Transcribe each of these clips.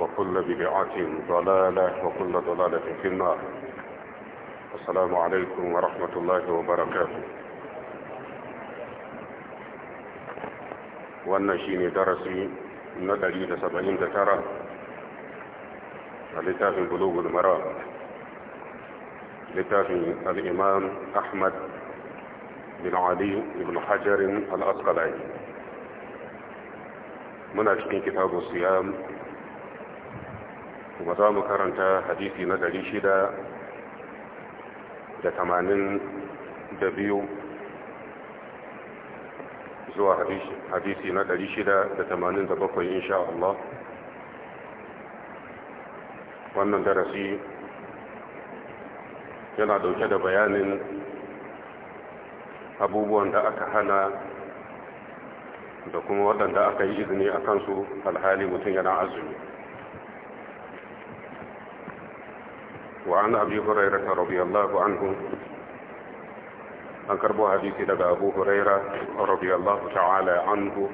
وكل بدعه ضلاله وكل ضلاله في النار السلام عليكم ورحمه الله وبركاته والنشين درسي ندري لسبعين ذكرى لتاف بلوغ المرام لتاف الامام احمد بن علي بن حجر الاصقلاني من كتاب الصيام kuma za mu karanta hadisi na gari shida da tamanin da biyu zuwa hadisi na gari shida da tamanin da bakwai insha Allah wannan darasi yana ɗauke da bayanin abubuwan da aka hana da kuma waɗanda aka yi izini a kansu alhali mutum yana azumi وعن أبي هريرة رضي الله عنه أنكربوا حديثي لدى أبو هريرة رضي الله تعالى عنه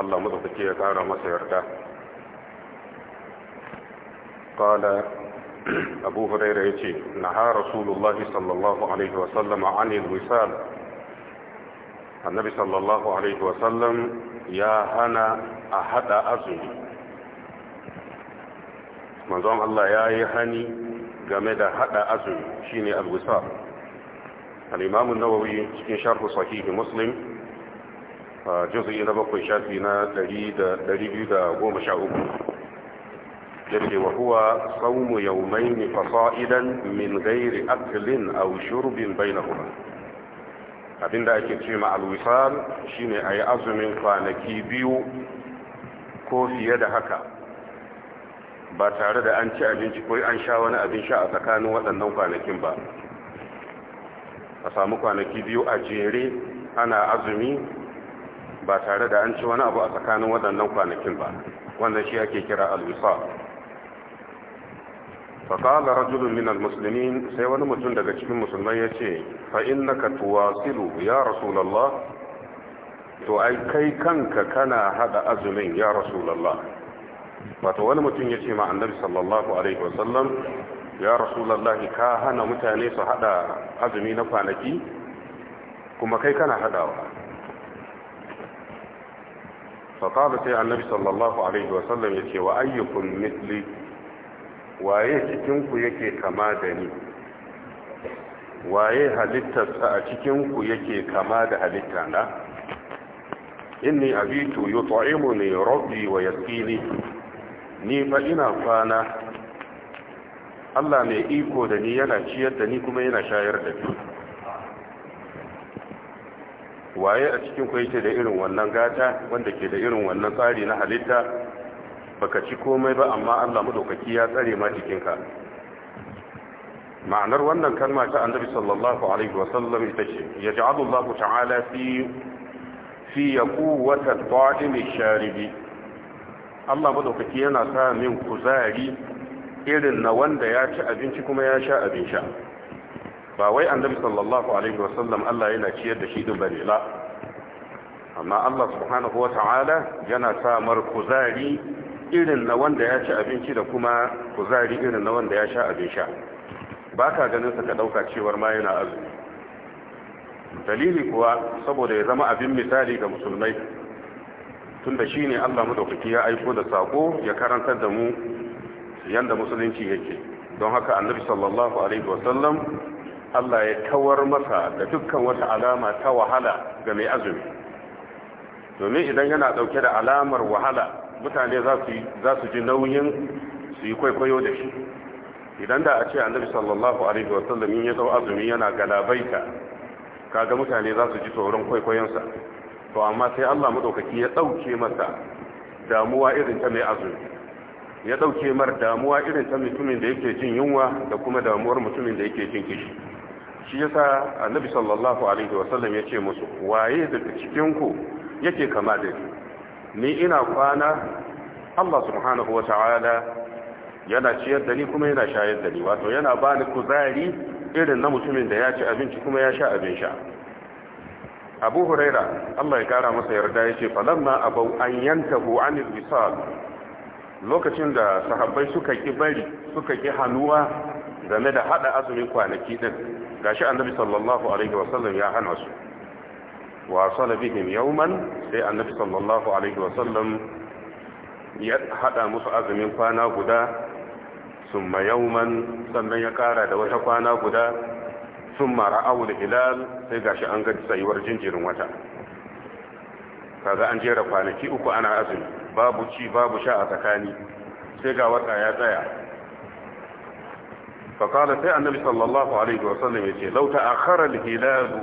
الله مضبكي يتعالى ما سيرده قال أبو هريرة يتي نهى رسول الله صلى الله عليه وسلم عن الوصال النبي صلى الله عليه وسلم يا هنا أحد أزمي منظوم الله يا يهني game da hada azumi shine al-wisal al-imam an-nawawi cikin sharh sahih muslim juz'i na bakwai shafi na 213 yake wa huwa sawmu yawmayn fasa'idan min ghairi aklin aw shurbin bainahuma abinda ake ce ma al-wisal shine ayi azumin kwanaki biyu ko fiye da haka ba tare da an ci abinci ko an sha wani abin sha a tsakanin waɗannan kwanakin ba a samu kwanaki biyu a jere ana azumi ba tare da an ci wani abu a tsakanin waɗannan kwanakin ba wannan shi ake kira alwisa faƙaɗa rajulun min musulmi sai wani mutum daga cikin musulmai ya ce fa'in na ka silu ya rasulallah to ai kai kanka kana haɗa azumin ya rasulallah wato wani mutum ya ce ma annabi sallallahu alaihi wasallam ya rasulullahi ka hana mutane su hada azumi na kwanaki kuma kai kana hadawa faƙaɗa sai annabi sallallahu alaihi wasallam ya ce wa ayyukun mitli waye cikinku yake kama da ni waye halittarsa a cikinku yake kama da halitta na inni abitu yut'imuni rabbi wa yasqini ni fa ina kwana Allah mai iko da ni yana ciyar da ni kuma yana shayar da ni waye a cikin ku yake da irin wannan gata wanda ke da irin wannan tsari na halitta baka ci komai ba amma Allah madaukaki ya tsare ma jikinka ma'anar wannan kalma ta annabi sallallahu alaihi wasallam ita ce yaj'alu ta'ala fi fi quwwati at-ta'imi sharibi Allah madaukaki yana sa min kuzari irin na wanda ya ci abinci kuma ya sha abin sha ba wai annabi sallallahu alaihi wasallam Allah yana ciyar da shi din bane la amma Allah subhanahu wata'ala yana sa mar kuzari irin na wanda ya ci abinci da kuma kuzari irin na wanda ya sha abin sha ba ka ganin sa ka dauka cewar ma yana azumi dalili kuwa saboda ya zama abin misali ga musulmai tunda shi ne Allah madaukaki ya aiko da sako ya karantar da mu yanda musulunci yake don haka annabi sallallahu alaihi wasallam Allah ya kawar masa da dukkan wata alama ta wahala ga mai azumi domin idan yana dauke da alamar wahala mutane za su ji nauyin su yi kwaikwayo da shi idan da a ce annabi sallallahu alaihi wasallam ya zo azumi yana galabaita kaga mutane za su ji tsoron kwaikwayonsa to amma sai Allah madaukaki ya dauke masa damuwa irin ta mai azumi ya dauke mar damuwa irin ta mutumin da yake jin yunwa da kuma damuwar mutumin da yake jin kishi shi yasa annabi sallallahu alaihi wasallam ya ce musu waye daga cikin ku yake kama da ni ina kwana Allah subhanahu wa ta'ala yana ciyar da ni kuma yana shayar da ni wato yana bani kuzari irin na mutumin da ya ci abinci kuma ya sha abin sha abu huraira Allah ya kara masa yarda yace falamma abau an yantahu anil wisal lokacin da sahabbai suka ki bari suka ki hanuwa game da hada azumin kwanaki din gashi annabi sallallahu alaihi wasallam ya hana su wa sala bihim yawman sai annabi sallallahu alaihi wasallam ya hada musu azumin kwana guda summa yawman sannan ya kara da wata kwana guda sun mara awul hilal sai gashi an ga tsayuwar jinjirin wata kaga an jera kwanaki uku ana azumi babu ci babu sha a tsakani sai ga wata ya tsaya faƙala sai annabi sallallahu alaihi wasallam ya ce lauta a kharar hilalu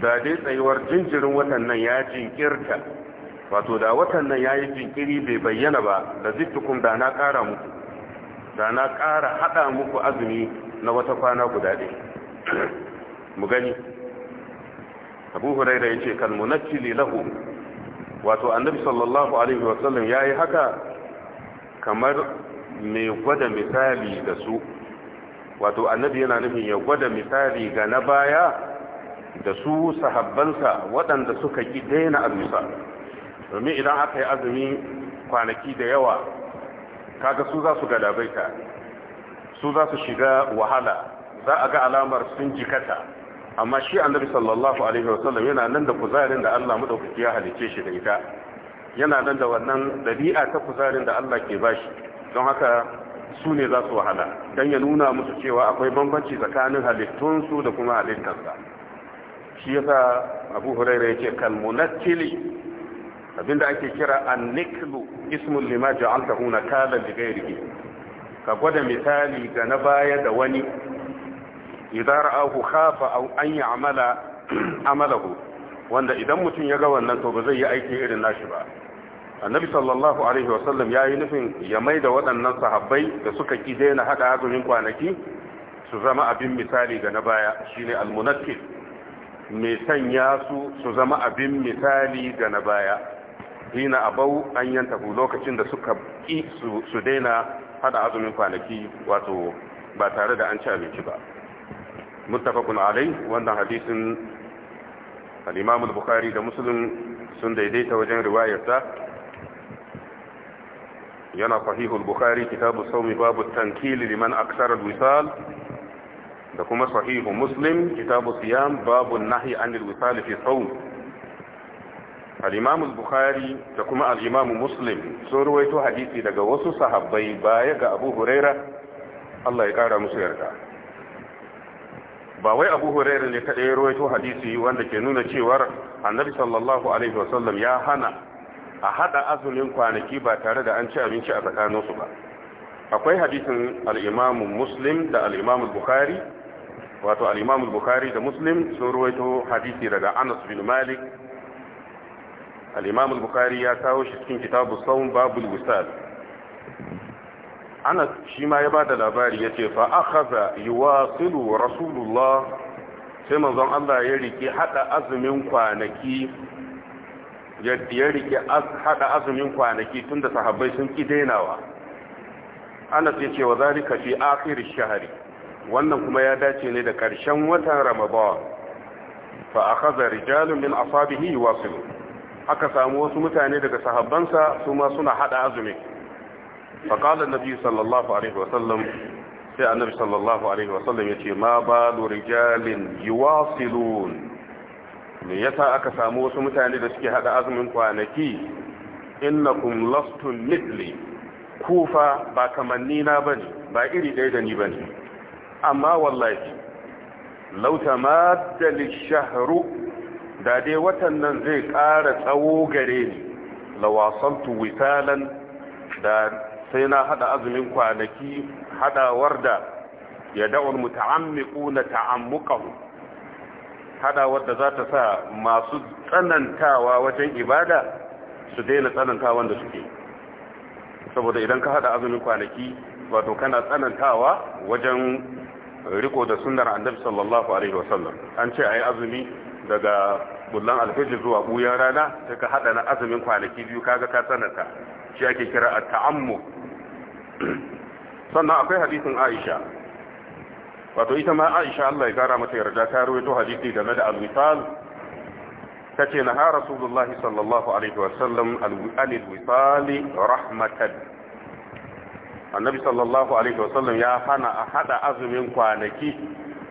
da dai tsayuwar jinjirin watan nan ya jinkirta wato da watan nan ya yi jinkiri bai bayyana ba da zittukum da na ƙara muku da na ƙara haɗa muku azumi na wata kwana guda ɗaya mu gani abu huraira ya ce kan munakili lahu wato annabi sallallahu alaihi wasallam ya yi haka kamar mai gwada misali da su wato annabi yana nufin ya gwada misali ga na baya da su sahabbansa waɗanda suka ki daina azumisa domin idan aka yi azumi kwanaki da yawa kaga su za su galabaita su za su shiga wahala za a ga alamar sun jikata amma shi annabi sallallahu alaihi wasallam yana nan da kuzarin da Allah madaukaki ya halice shi da ita yana nan da wannan dabi'a ta kuzarin da Allah ke bashi don haka su ne za su wahala don ya nuna musu cewa akwai bambanci tsakanin halittunsu da kuma halittarsa shi yasa abu huraira ya ce kalmunattili abinda ake kira anniklu ismun lima ja'altahu nakalan li ghairihi ka gwada misali ga na baya da wani idan ra'ahu khafa aw an ya'mala amalahu wanda idan mutum ya ga wannan to ba zai yi aiki irin nashi ba annabi sallallahu alaihi wasallam ya yi nufin ya mai da waɗannan sahabbai da suka ki daina haɗa azumin kwanaki su zama abin misali ga na baya shine almunakkin mai sanya su su zama abin misali ga na baya hina abau an yanta lokacin da suka ki su daina haɗa azumin kwanaki wato ba tare da an ci abinci ba muttafaqun alai wannan hadisin al-imam al-bukhari da muslim sun daidaita wajen riwayarsa yana sahihu al-bukhari kitabu sawmi babu tankil liman aksara al-wisal da kuma sahihu muslim kitabu siyam babu nahi anil wisal fi sawm al-imam al-bukhari da kuma al-imam muslim sun ruwaito hadisi daga wasu sahabbai baya ga abu huraira Allah ya kara musu yarda ba wai abu hurairu ne kaɗai ya rawaito hadisi wanda ke nuna cewar annabi sallallahu alaihi wasallam ya hana a haɗa azumin kwanaki ba tare da an ci abinci a tsakaninsu ba akwai hadisin al'imamun muslim da al'imamun Bukhari, wato al'imamun Bukhari da muslim sun rawaito hadisi daga anas bin malik al'imamun Bukhari ya kawo shi cikin kitabu saun babul wisal anas shi ma ya ba da labari ya ce fa wa yuwasilu rasulullah sai manzon Allah ya rike hada azumin kwanaki ya rike hada azumin kwanaki tunda sahabbai sun ki dainawa anas ya ce wa zalika fi akhir shahri wannan kuma ya dace ne da karshen watan ramadan fa akhadha rijalun min ashabihi yuwasilu aka samu wasu mutane daga sahabbansa su ma suna hada azumin فقال النبي صلى الله عليه وسلم سي النبي صلى الله عليه وسلم يتي ما بال رجال يواصلون yasa aka samu wasu mutane da suke haɗa azumin kwanaki innakum lastum mithli kufa ba kamanni na bane ba iri ɗaya da ni bane amma wallahi law tamadda lishahru da dai watan nan zai ƙara tsawo gare ni lawasantu wisalan da sai na hada azumin kwanaki hadawar da ya da'ul na ta'ammuqahu hadawar da za ta sa masu tsanantawa wajen ibada su daina tsanantawa da suke saboda idan ka hada azumin kwanaki wato kana tsanantawa wajen riko da sunnar annabi sallallahu alaihi wasallam an ce ayi azumi daga bullan alfajir zuwa buyan rana sai ka hada na azumin kwanaki biyu kaga ka tsananta shi ake kira a ta'ammu sannan akwai hadisin aisha wato ita ma aisha Allah ya gara mata yarda ta rawaito hadisi game da al-wisal ce na ha rasulullah sallallahu alaihi wasallam al-wisal rahmatan annabi sallallahu alaihi wasallam ya hana a hada azumin kwanaki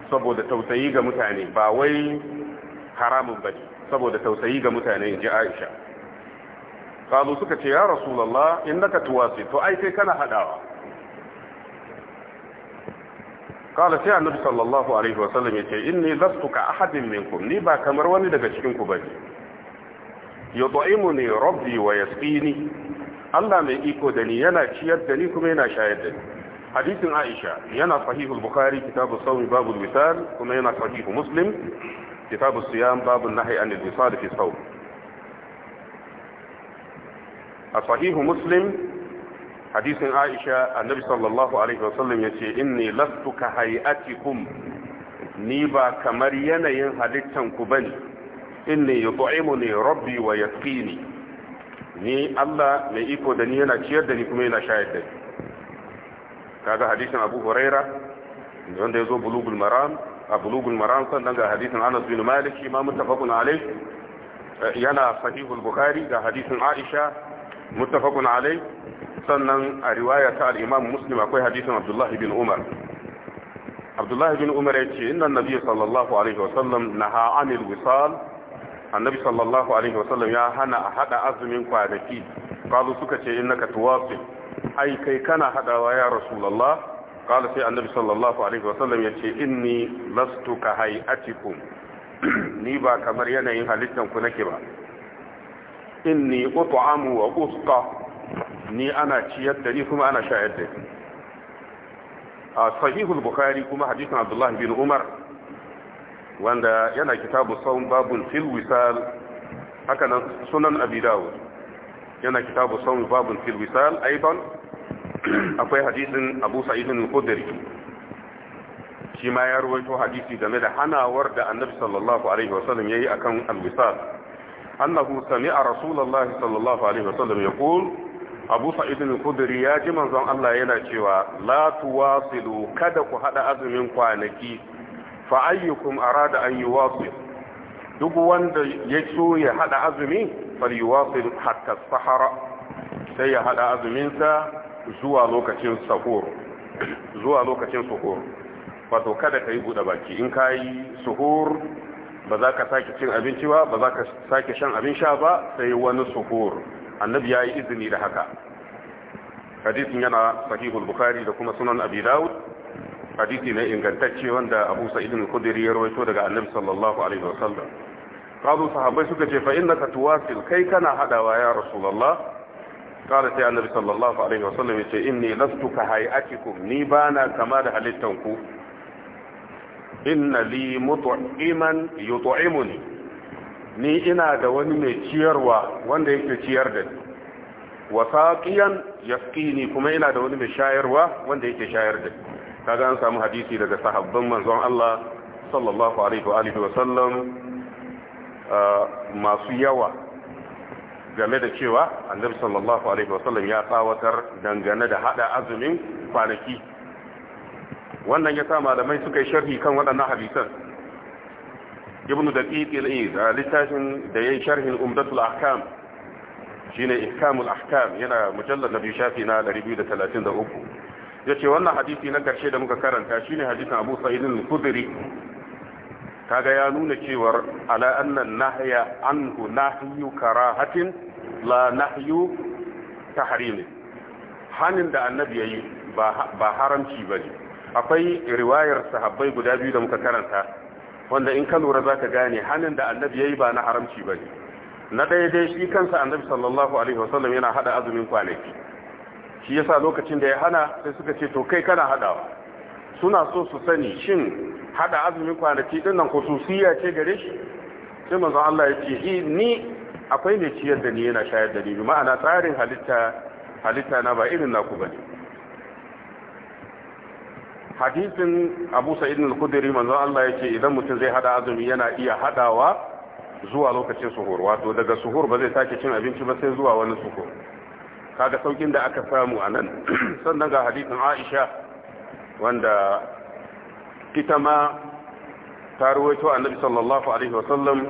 saboda tausayi ga mutane ba wai haramun bane saboda tausayi ga mutane in inji aisha kalu suka ce ya rasulallah innaka tuwasi to ai sai kana hadawa kala sai annabi sallallahu alaihi wasallam yace inni lastu ka ahadin minkum ni ba kamar wani daga cikin ku bane yut'imuni rabbi wa yasqini Allah mai iko da ni yana ciyar da ni kuma yana shayar da ni hadisin Aisha yana sahihul Bukhari kitabu sawmi babul misal kuma yana sahihu Muslim kitabu siyam Babu nahyi anil wisal fi sawm a sahihu muslim hadisin aisha annabi sallallahu alaihi wasallam ya ce inni lastu ka hayatikum ni ba kamar yanayin halittan ku bane inni yut'imuni rabbi wa yasqini ni Allah mai iko da ni yana ciyar da ni kuma yana shayar da ni kaga hadisin Abu Huraira wanda yazo bulugul maram a bulugul maram sannan ga hadisin Anas bin Malik shi ma muttafaqun alayh yana sahihul Bukhari ga hadisin Aisha muttafaqun Ali sannan a riwaya ta al'imam imam akwai hadisin abdullahi bin umar abdullahi bin umar ya ce inna nabi sallallahu alaihi wasallam naha anil annabi sallallahu ya hana a hada azumin kwanaki kalu suka ce innaka tuwasi ai kai kana hadawa ya rasulullah kala sai annabi sallallahu alaihi wasallam ya ce inni lastu ka hayatikum ni ba kamar yanayin halittanku nake ba inni ut'amu wa usqa ni ana ciyar da ni kuma ana shayar da ni a sahihul bukhari kuma hadisin abdullahi bin umar wanda yana kitabu saun babun fil wisal haka nan sunan Abidawo, yana kitabu saun babun fil wisal aidan akwai hadisin abu sa'id al-khudri shi ma ya rawaito hadisi game da hanawar da annabi sallallahu alaihi wasallam yi akan al annahu sami'a rasulullah sallallahu alaihi wasallam yaqul abu sa'id al-khudri ya ji manzon Allah yana cewa la tuwasilu kada ku haɗa azumin kwanaki fa ayyukum arada an yuwasil duk wanda ya so ya hada azumi fal yuwasil hatta sahara sai ya hada azumin zuwa lokacin sahur zuwa lokacin suhur wato kada kai bude baki in kai suhur ba za ka sake cin abinci ba ba za ka sake shan abin sha ba sai wani suhur annabi ya yi izini da haka hadisin yana sahihul bukhari da kuma sunan abi dawud hadisi ne ingantacce wanda abu sa'id al-khudri ya rawaito daga annabi sallallahu alaihi wasallam qalu sahabbai suka ce fa innaka tuwasil kai kana hadawa ya rasulullah qala sai annabi sallallahu alaihi wasallam yace inni lastu ka hayatikum ni bana kama da halittanku inna li mut'iman yut'imuni ni ina da wani mai ciyarwa wanda yake ciyar da ni wa saqiyan yasqini kuma ina da wani mai shayarwa wanda yake shayar da ni kaga an samu hadisi daga sahabban manzon Allah sallallahu alaihi wa alihi wa sallam uh, masu yawa game da cewa annabi sallallahu alaihi wa sallam ya tsawatar dangane da hada azumin kwanaki wannan ya sa malamai suka yi sharhi kan waɗannan hadisan ibn daqiq al-iz littafin da yayin sharhin umdatul ahkam shine ihkamul ahkam yana mujallad nabi shafi na 233 yace wannan hadisi na karshe da muka karanta shine hadisin abu sa'id al-khudri kaga ya nuna cewar ala anna nahya anhu nahyu karahatin la nahyu tahrim hanin da annabi yayi ba haramci bane akwai riwayar sahabbai guda biyu da muka karanta wanda in ka lura za ka gane hannun da annabi ya yi ba na haramci ba ne na ɗaya dai shi kansa annabi sallallahu alaihi wasallam yana hada azumin kwanaki shi yasa lokacin da ya hana sai suka ce to kai kana hadawa suna so su sani shin hada azumin kwanaki din nan khususiyya ce gare shi sai manzo Allah ya ce ni akwai ne ciyar da ni yana shayar da ni ma'ana tsarin halitta halitta na ba irin naku bane hadisin abu sa'id al-kudiri manzon Allah ya ce idan mutum zai hada azumi yana iya hadawa zuwa lokacin suhur wato daga suhur ba zai sake cin abinci ba sai zuwa wani suhur kaga saukin da aka samu a nan sannan ga hadisin Aisha wanda ita ma ta ruwaito annabi sallallahu alaihi wasallam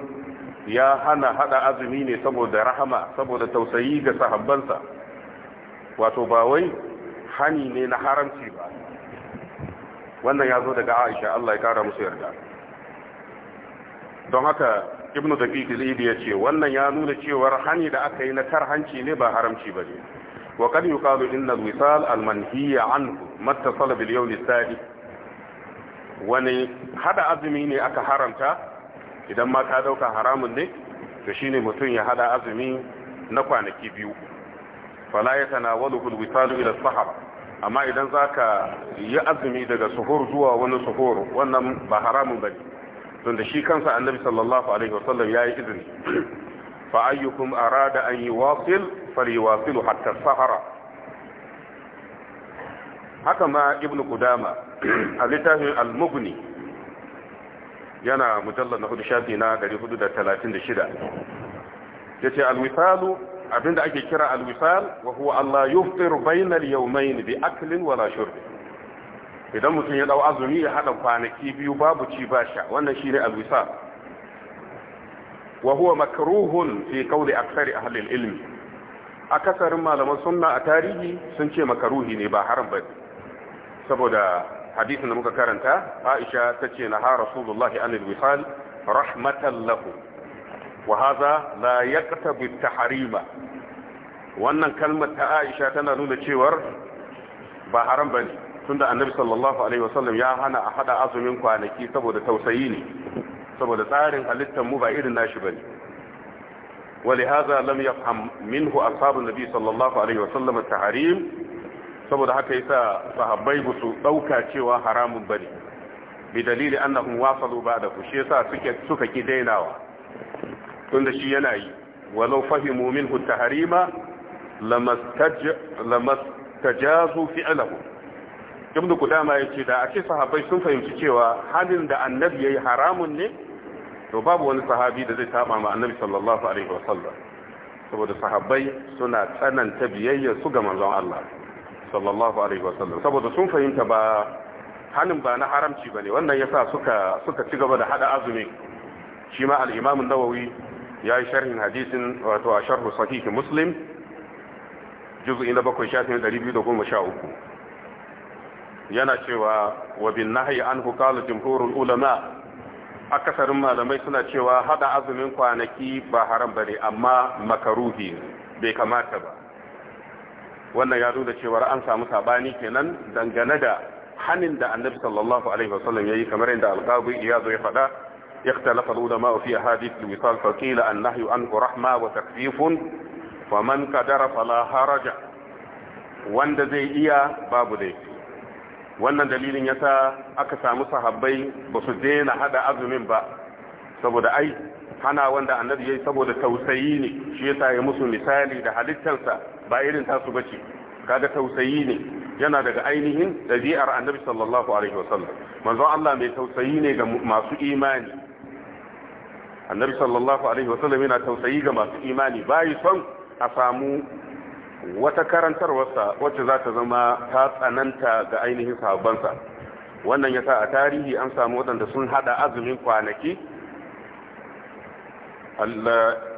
ya hana hada azumi ne saboda rahama saboda tausayi ga sahabbansa wato ba wai hani ne na haramci ba wannan ya zo daga aisha Allah ya kara musu yarda don haka ibnu daqiq al ya ce wannan ya nuna cewar hani da aka yi na karhanci ne ba haramci ba ne wa kad yuqalu inna wisal almanhiya manhiya anhu mattasala yau yawm sadi wani hada azumi ne aka haramta idan ma ka dauka haramun ne to shine mutum ya hada azumi na kwanaki biyu fala yatanawalu al-wisal ila as-sahaba amma idan za ka yi azumi daga suhur zuwa wani suhur wannan ba haramun ba ne don da shi kansa annabi sallallahu alaihi wasallam ya yi izini fa ayyukum arada an yi wasil falyawasilu hatta sahara haka ma ibn qudama a littafin al-mughni yana mujallar na hudu shafi na 436 yace al-wisalu abinda ake kira alwisal wa huwa Allah yuftir bainal yawmayn bi aklin wala shurb idan mutum ya dau azumi ya hada kwanaki biyu babu ci ba sha wannan shine alwisal wa huwa makruhun fi qawli aktsari ahli al-ilm akasarin malaman sunna a tarihi sun ce makaruhi ne ba haram ba saboda hadisin da muka karanta Aisha tace na ha rasulullahi anil wisal rahmatan lahu wahaza haza la yaqtabi tahrima wannan kalmar ta Aisha tana nuna cewar ba haram bane tunda annabi sallallahu ya hana a hada azumin kwanaki saboda tausayi ne saboda tsarin halittar mu ba irin nashi bane ولهذا لم يفهم منه أصحاب النبي صلى الله عليه وسلم التحريم saboda haka yasa sahabbai ba su dauka cewa haramun bane bai dalili annahum wasalu ba'da ku shi yasa suke suka ki dainawa tunda shi yana yi walau fahimu minhu tahrima lamastajazu fi'lahu ibnu kudama yace da ake sahabbai sun fahimci cewa halin da annabi yayi haramun ne to babu wani sahabi da zai saba ma annabi sallallahu alaihi wasallam saboda sahabbai suna tsananta biyayya su ga manzon Allah sallallahu alaihi wasallam saboda sun fahimta ba hanin ba na haramci bane wannan yasa suka suka ci gaba da hada azumi shi ma al-imam an-nawawi ya yi sharhin hadisin wato a sharhu sahihi muslim juz'i na bakwai shafin 213 yana cewa wa bin an anhu qala jumhurul ulama akasarin malamai suna cewa hada azumin kwanaki ba haram bane amma makaruhi bai kamata ba wannan ya da cewa an samu sabani kenan dangane da hanin da annabi sallallahu alaihi wasallam yayi kamar yadda alqabi iyazo ya faɗa اختلف العلماء في حديث الوصال فقيل النهي عنه رحمة وتخفيف ومن قدر فلا هرج wanda zai iya babu dai wannan dalilin sa aka samu sahabbai ba su daina hada azumin ba saboda ai hana wanda annabi yi saboda tausayi ne shi yasa ya musu misali da halittarsa ba irin tasu bace kaga tausayi ne yana daga ainihin dabi'ar annabi sallallahu alaihi wasallam manzo Allah mai tausayi ne ga masu imani annabi sallallahu alaihi wasallam yana tausayi ga masu imani bayi son a samu wata karantarwarsa wacce za ta zama ta tsananta ga ainihin sahabbansa wannan yasa a tarihi an samu waɗanda sun hada azumin kwanaki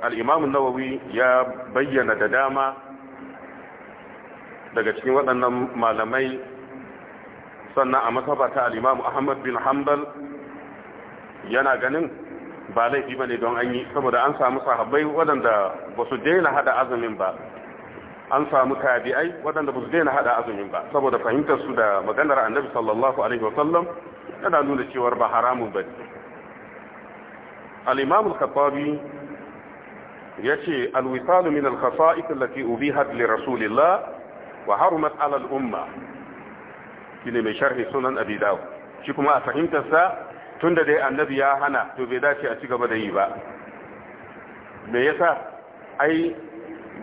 al'imamun nawawi ya bayyana da dama daga cikin waɗannan malamai sannan a masaba ta al'imamu ahmad bin hanbal yana ganin ba laifi ba ne don an yi saboda an samu sahabbai waɗanda ba su daina hada azumin ba an samu tabi'ai waɗanda ba su daina hada azumin ba saboda fahimtar su da maganar annabi sallallahu alaihi wasallam yana nuna cewar ba haramun ba al-imam al-khattabi yace al-wisal min al-khasa'is allati ubihat li rasulillah wa harumat ala al-umma shine mai sharhi sunan abi dawud shi kuma a fahimtar sa Tun da dai annabi ya hana to bai dace a ci gaba da yi ba me yasa ai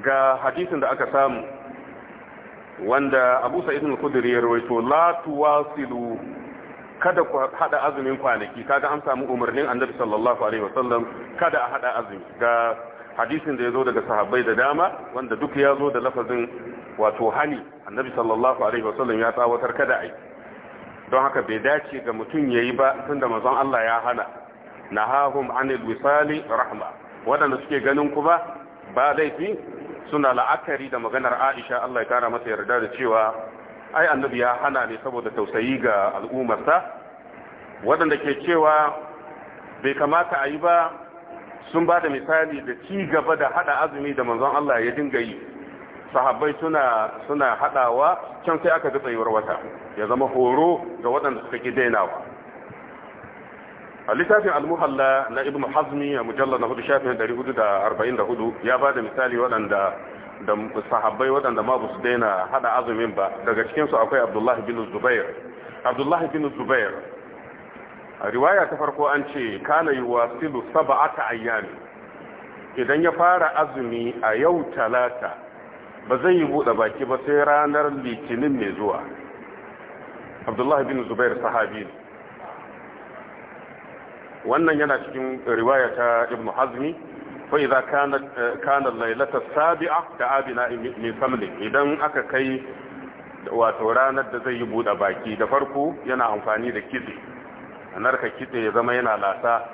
ga hadisin da aka samu wanda Abu Sa'id al-Khudri ya rawaito la tuwasilu kada ku hada azumin kwanaki kaga an samu umarnin annabi sallallahu alaihi wasallam kada a hada azumi ga hadisin da yazo daga sahabbai da dama wanda duk yazo da lafazin wato hani annabi sallallahu alaihi wasallam ya tsawatar kada ai don haka bai dace ga mutum ya yi ba tunda mazan Allah ya hana na nahahum anil misali rahma waɗanda suke ganin ku ba ba laifi suna la'akari da maganar Aisha Allah ya kara masa yarda da cewa ai annabi ya hana ne saboda tausayi ga al'ummarsa waɗanda ke cewa bai kamata a yi ba sun ba da misali da ci gaba da haɗa azumi da manzon Allah ya dinga yi sahabbai suna suna hadawa can sai aka ga tsayuwar wata ya zama horo ga waɗanda suka ki dainawa a littafin almuhalla na ibnu hazmi a mujallar na hudu shafin 444 ya bada misali waɗanda da sahabbai waɗanda ma su daina hada azumin ba daga cikinsu akwai abdullahi bin zubair abdullah bin zubair a riwaya ta farko an ce kana yi silu saba'ata ayyami idan ya fara azumi a yau talata ba zai yi buɗe baki ba sai ranar litinin mai zuwa abdullahi bin zubair sahabi wannan yana cikin riwaya ta ibn hazmi fa idza kana kana lailata sabi'a da abina mai samli idan aka kai wato ranar da zai yi buɗe baki da farko yana amfani da kitse narka kitse ya zama yana lasa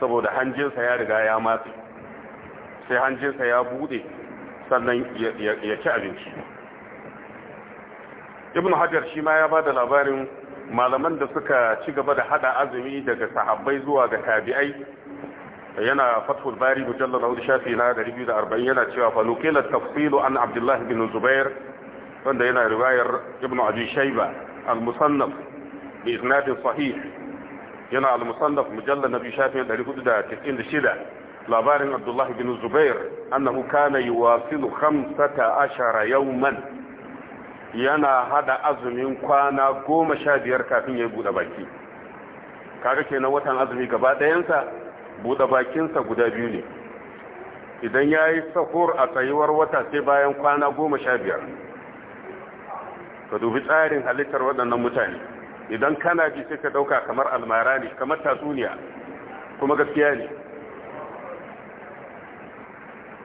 saboda hanjinsa ya riga ya matse sai hanjinsa ya buɗe sannan ya ci abinci ibn hajar shi ma ya ba da labarin malaman da suka ci gaba da hada azumi daga sahabbai zuwa ga tabi'ai yana fathul bari mujallar na shafi na 240 yana cewa falukila tafsilu an abdullahi bin zubair wanda yana riwayar ibn abi shayba al-musannaf bi isnadin sahih yana al-musannaf mujallar na biyu shafi 496 labarin abdullahi bin zubair annahu kana yuwasilu khamsata ashara yawman yana hada azumin kwana goma sha biyar kafin ya buɗe baki kaga kenan watan azumi gaba ɗayansa buɗe bakinsa guda biyu ne idan ya yi sahur a tsayuwar wata sai bayan kwana goma sha biyar ka dubi tsarin halittar waɗannan mutane idan kana ji sai ka ɗauka kamar almara ne kamar tatsuniya kuma gaskiya ne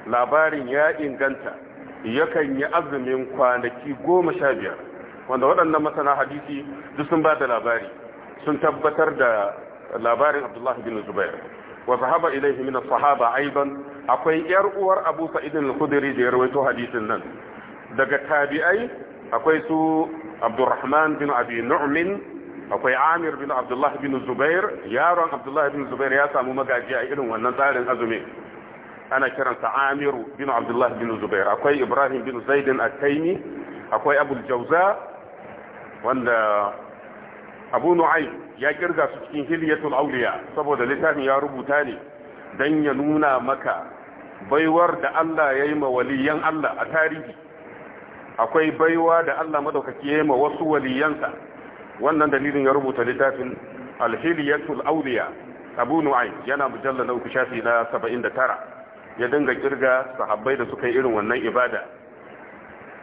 labarin ya inganta yakan yi azumin kwanaki goma sha biyar wanda waɗannan masana hadisi duk sun ba da labari sun tabbatar da labarin abdullahi bin zubair wa sahaba ilaihi min sahaba aiban akwai yar uwar abu sa'id al-khudri da ya rawaito hadisin nan daga tabi'ai akwai su abdurrahman bin abi nu'min akwai amir bin abdullahi bin zubair yaron abdullahi bin zubair ya samu magaji a irin wannan tsarin azumi ana kiransa amiru bin abdullahi bin zubair akwai ibrahim bin zaidin a taimi akwai abu jauza wanda abu Nu'ai ya kirga su cikin hilyatul awliya saboda littafin ya rubuta ne dan ya nuna maka baiwar da Allah ya yi ma waliyan Allah a tarihi akwai baiwa da Allah madaukaki ya yi ma wasu waliyansa wannan dalilin ya rubuta littafin alhiliyatul auliya abu Nu'ai yana mujallar na uku shafi na 79 ya dinga kirga sahabbai da suka yi irin wannan ibada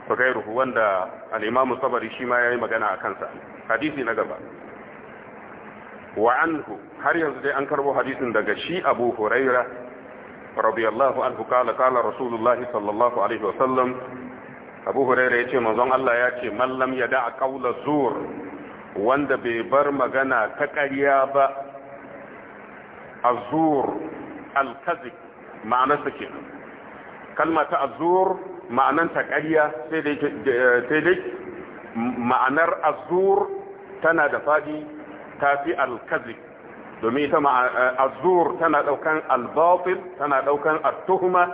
kai ruhu, wanda al sabari shi ma yayi magana a kansa hadisi na gaba wa har yanzu dai an karbo hadisin daga shi Abu Huraira radiyallahu anhu kala kala rasulullahi sallallahu alaihi wa sallam Abu Huraira ce, manzon Allah ya ce man lam yada qawla zur wanda bai bar magana ta ƙarya ba azur al-kadhib ma'anarsa ke kalma ta azur ma'ananta ƙarya sai dai ma'anar azur tana da faɗi ta fi alkazi domin ita azur tana ɗaukan albatil tana ɗaukan artuhuma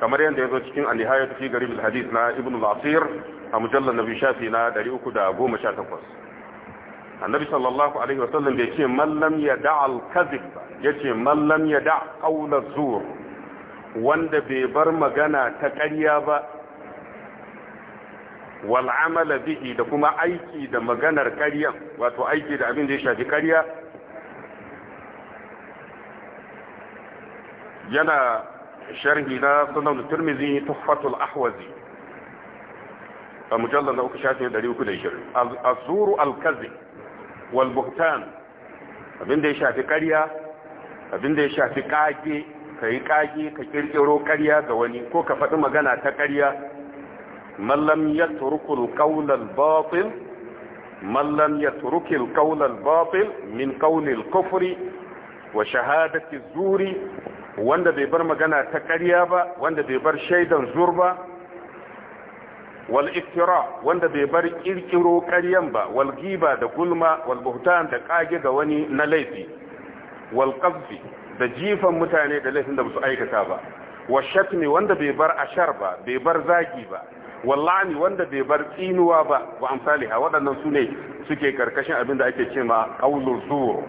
kamar yadda ya zo cikin alihaya fi garib alhadis na ibn al-asir a mujallar nabi shafi na 318 annabi sallallahu alaihi wasallam bai ce mallam ya da alkazib ba ya ce mallam ya da ƙaunar zuwa wanda bai bar magana ta ƙarya ba wal'amala amala bihi da kuma aiki da maganar ƙaryan wato aiki da abin da ya shafi ƙarya yana sharhi na sunan turmizi tuhfatul ahwazi a mujallar da uku shafi 320 azuru alkazi wal buhtan abin da ya shafi ƙarya abin da ya shafi ƙage ka yi ƙage ka ƙirƙiro ƙarya ga wani ko ka faɗi magana ta ƙarya mallam ya turkul ƙaunar batil mallam ya turkul ƙaunar batil min ƙaunar kufri wa shahadati zuri wanda bai bar magana ta ƙarya ba wanda bai bar shaidan zur ba wal iftira wanda bai bar ƙirƙiro ƙaryan ba wal giba da gulma wal buhtan da ƙage ga wani na laifi wal qazfi da jifan mutane da laifin da ba su aikata ba wa shatmi wanda bai bar ashar ba bai bar zagi ba wallani wanda bai bar tsinuwa ba wa amsaliha waɗannan su ne suke karkashin abin da ake cewa ƙaunar zuwa.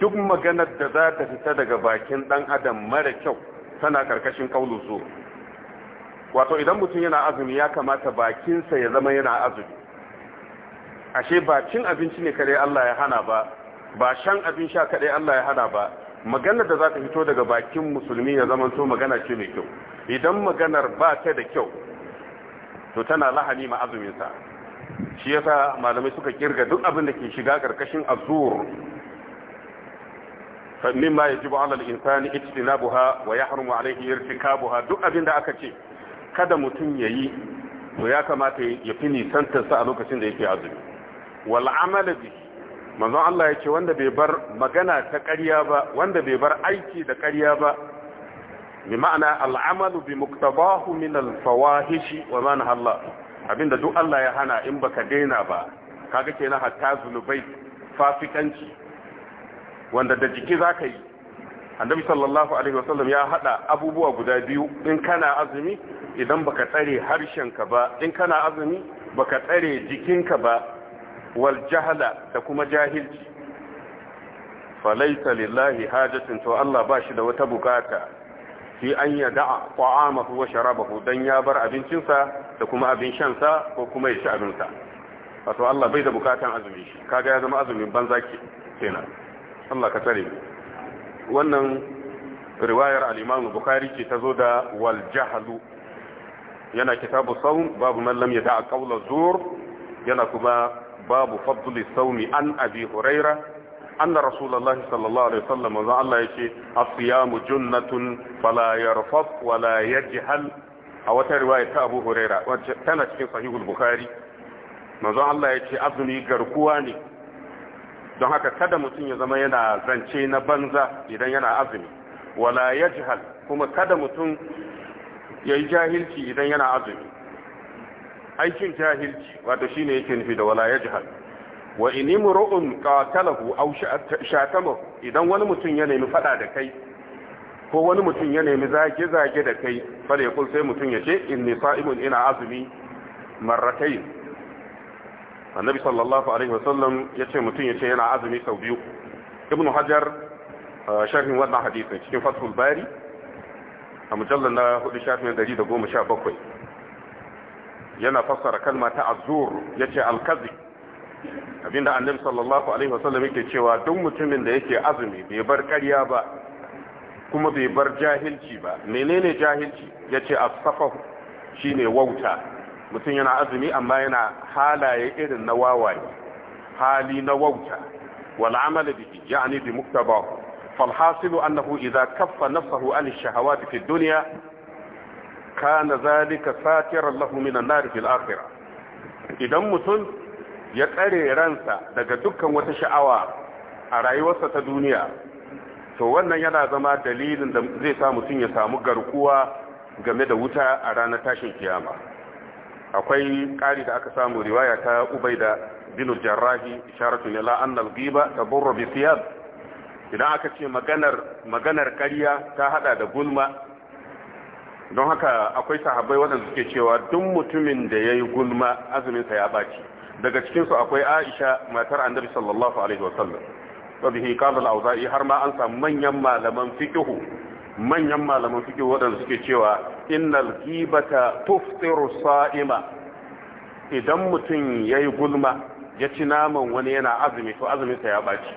duk maganar da za ta fita daga bakin dan adam mara kyau tana karkashin ƙaunar zuwa. wato idan mutum yana azumi ya kamata bakinsa ya zama yana azumi ashe ba cin abinci ne kare Allah ya hana ba ba shan abin sha kadai Allah ya hana ba Maganar da za ta fito daga bakin musulmi ya zamanto magana ce mai kyau idan maganar ba ta da kyau to tana lahani ma azuminsa shi yasa malamai suka kirga duk abin da ke shiga karkashin azur ya ji ba al-insani buha wa yahrumu alayhi buha duk abin da aka ce kada mutum yayi to ya kamata ya fi nisantarsa a lokacin da yake azumi wal amala bihi manzon Allah ya ce wanda bai bar magana ta ƙarya ba wanda bai bar aiki da ƙarya ba bi ma'ana al'amalu bi muktabahu min al-fawahish wa man halla abinda duk Allah ya hana in baka daina ba kaga kenan hatta zunubai fafikanci wanda da jiki zaka yi annabi sallallahu alaihi wasallam ya hada abubuwa guda biyu in kana azumi idan baka tsare harshenka ba in kana azumi baka tsare jikinka ba Waljahala da kuma jahilci falaita lillahi hajatun to Allah ba shi da wata bukata fi an ya da'a ƙwa'amahu wa sharabahu don ya bar abincinsa da kuma abin shansa ko kuma ya ci abinsa wato Allah bai da bukatan azumi shi kaga ya zama azumin banza kenan Allah ka tare wannan riwayar al-Imam Bukhari ce tazo da wal jahlu yana kitabu sawm babu man lam yada'a qawla zur yana kuma babu fadli saumi an abi huraira anna rasulullahi sallallahu alaihi wasallam manzo Allah yace as-siyamu junnatun fala yarfas wala yajhal a wata riwaya ta Abu Huraira wacce tana cikin sahihul Bukhari manzo Allah yace azumi garkuwa ne don haka kada mutum ya zama yana zance na banza idan yana azumi wala yajhal kuma kada mutum yayi jahilci idan yana azumi aikin jahilci wato shine yake nufi da wala yajhal wa in imru'un qatalahu aw shatamahu idan wani mutum ya nemi fada da kai ko wani mutum ya nemi zage zage da kai fara ya kul sai mutum ya ce inni sa'imun ina azumi marratayn annabi sallallahu alaihi wasallam yace mutum yace yana azumi sau biyu ibnu hajar sharhin wannan hadisin cikin fathul bari a mujallar na hudu shafin dari da goma sha bakwai yana fassara kalma ta azur yace alkazi abinda annabi sallallahu alaihi wasallam yake cewa duk mutumin da yake azumi bai bar ƙarya ba kuma bai bar jahilci ba menene jahilci yace as shine wauta mutum yana azumi amma yana halaye irin na wawaye hali na wauta wal amal bihi yani bi muktabahu annahu أنه إذا كف نفسه عن الشهوات في الدنيا kana zalika satiran lahu minan nar fil akhirah idan mutum ya tsare ransa daga dukkan wata sha'awa a rayuwarsa ta duniya to wannan yana zama dalilin da zai sa mutum ya samu garkuwa game da wuta a ranar tashin kiyama akwai ƙari da aka samu riwaya ta ubaida bin jarrahi isharatu ila anna al-ghiba taburru bi siyab idan aka ce maganar maganar ƙarya ta hada da gulma don haka akwai sahabbai waɗanda suke cewa duk mutumin da ya yi gulma azuminsa ya baci daga cikinsu akwai aisha matar annabi sallallahu alaihi wasallam to bihi qala al-auza'i har ma an samu manyan malaman fiqh manyan malaman fiqh waɗanda suke cewa innal ghibata tuftiru sa'ima idan mutum yayi gulma ya ci naman wani yana azumi to azuminsa ya baci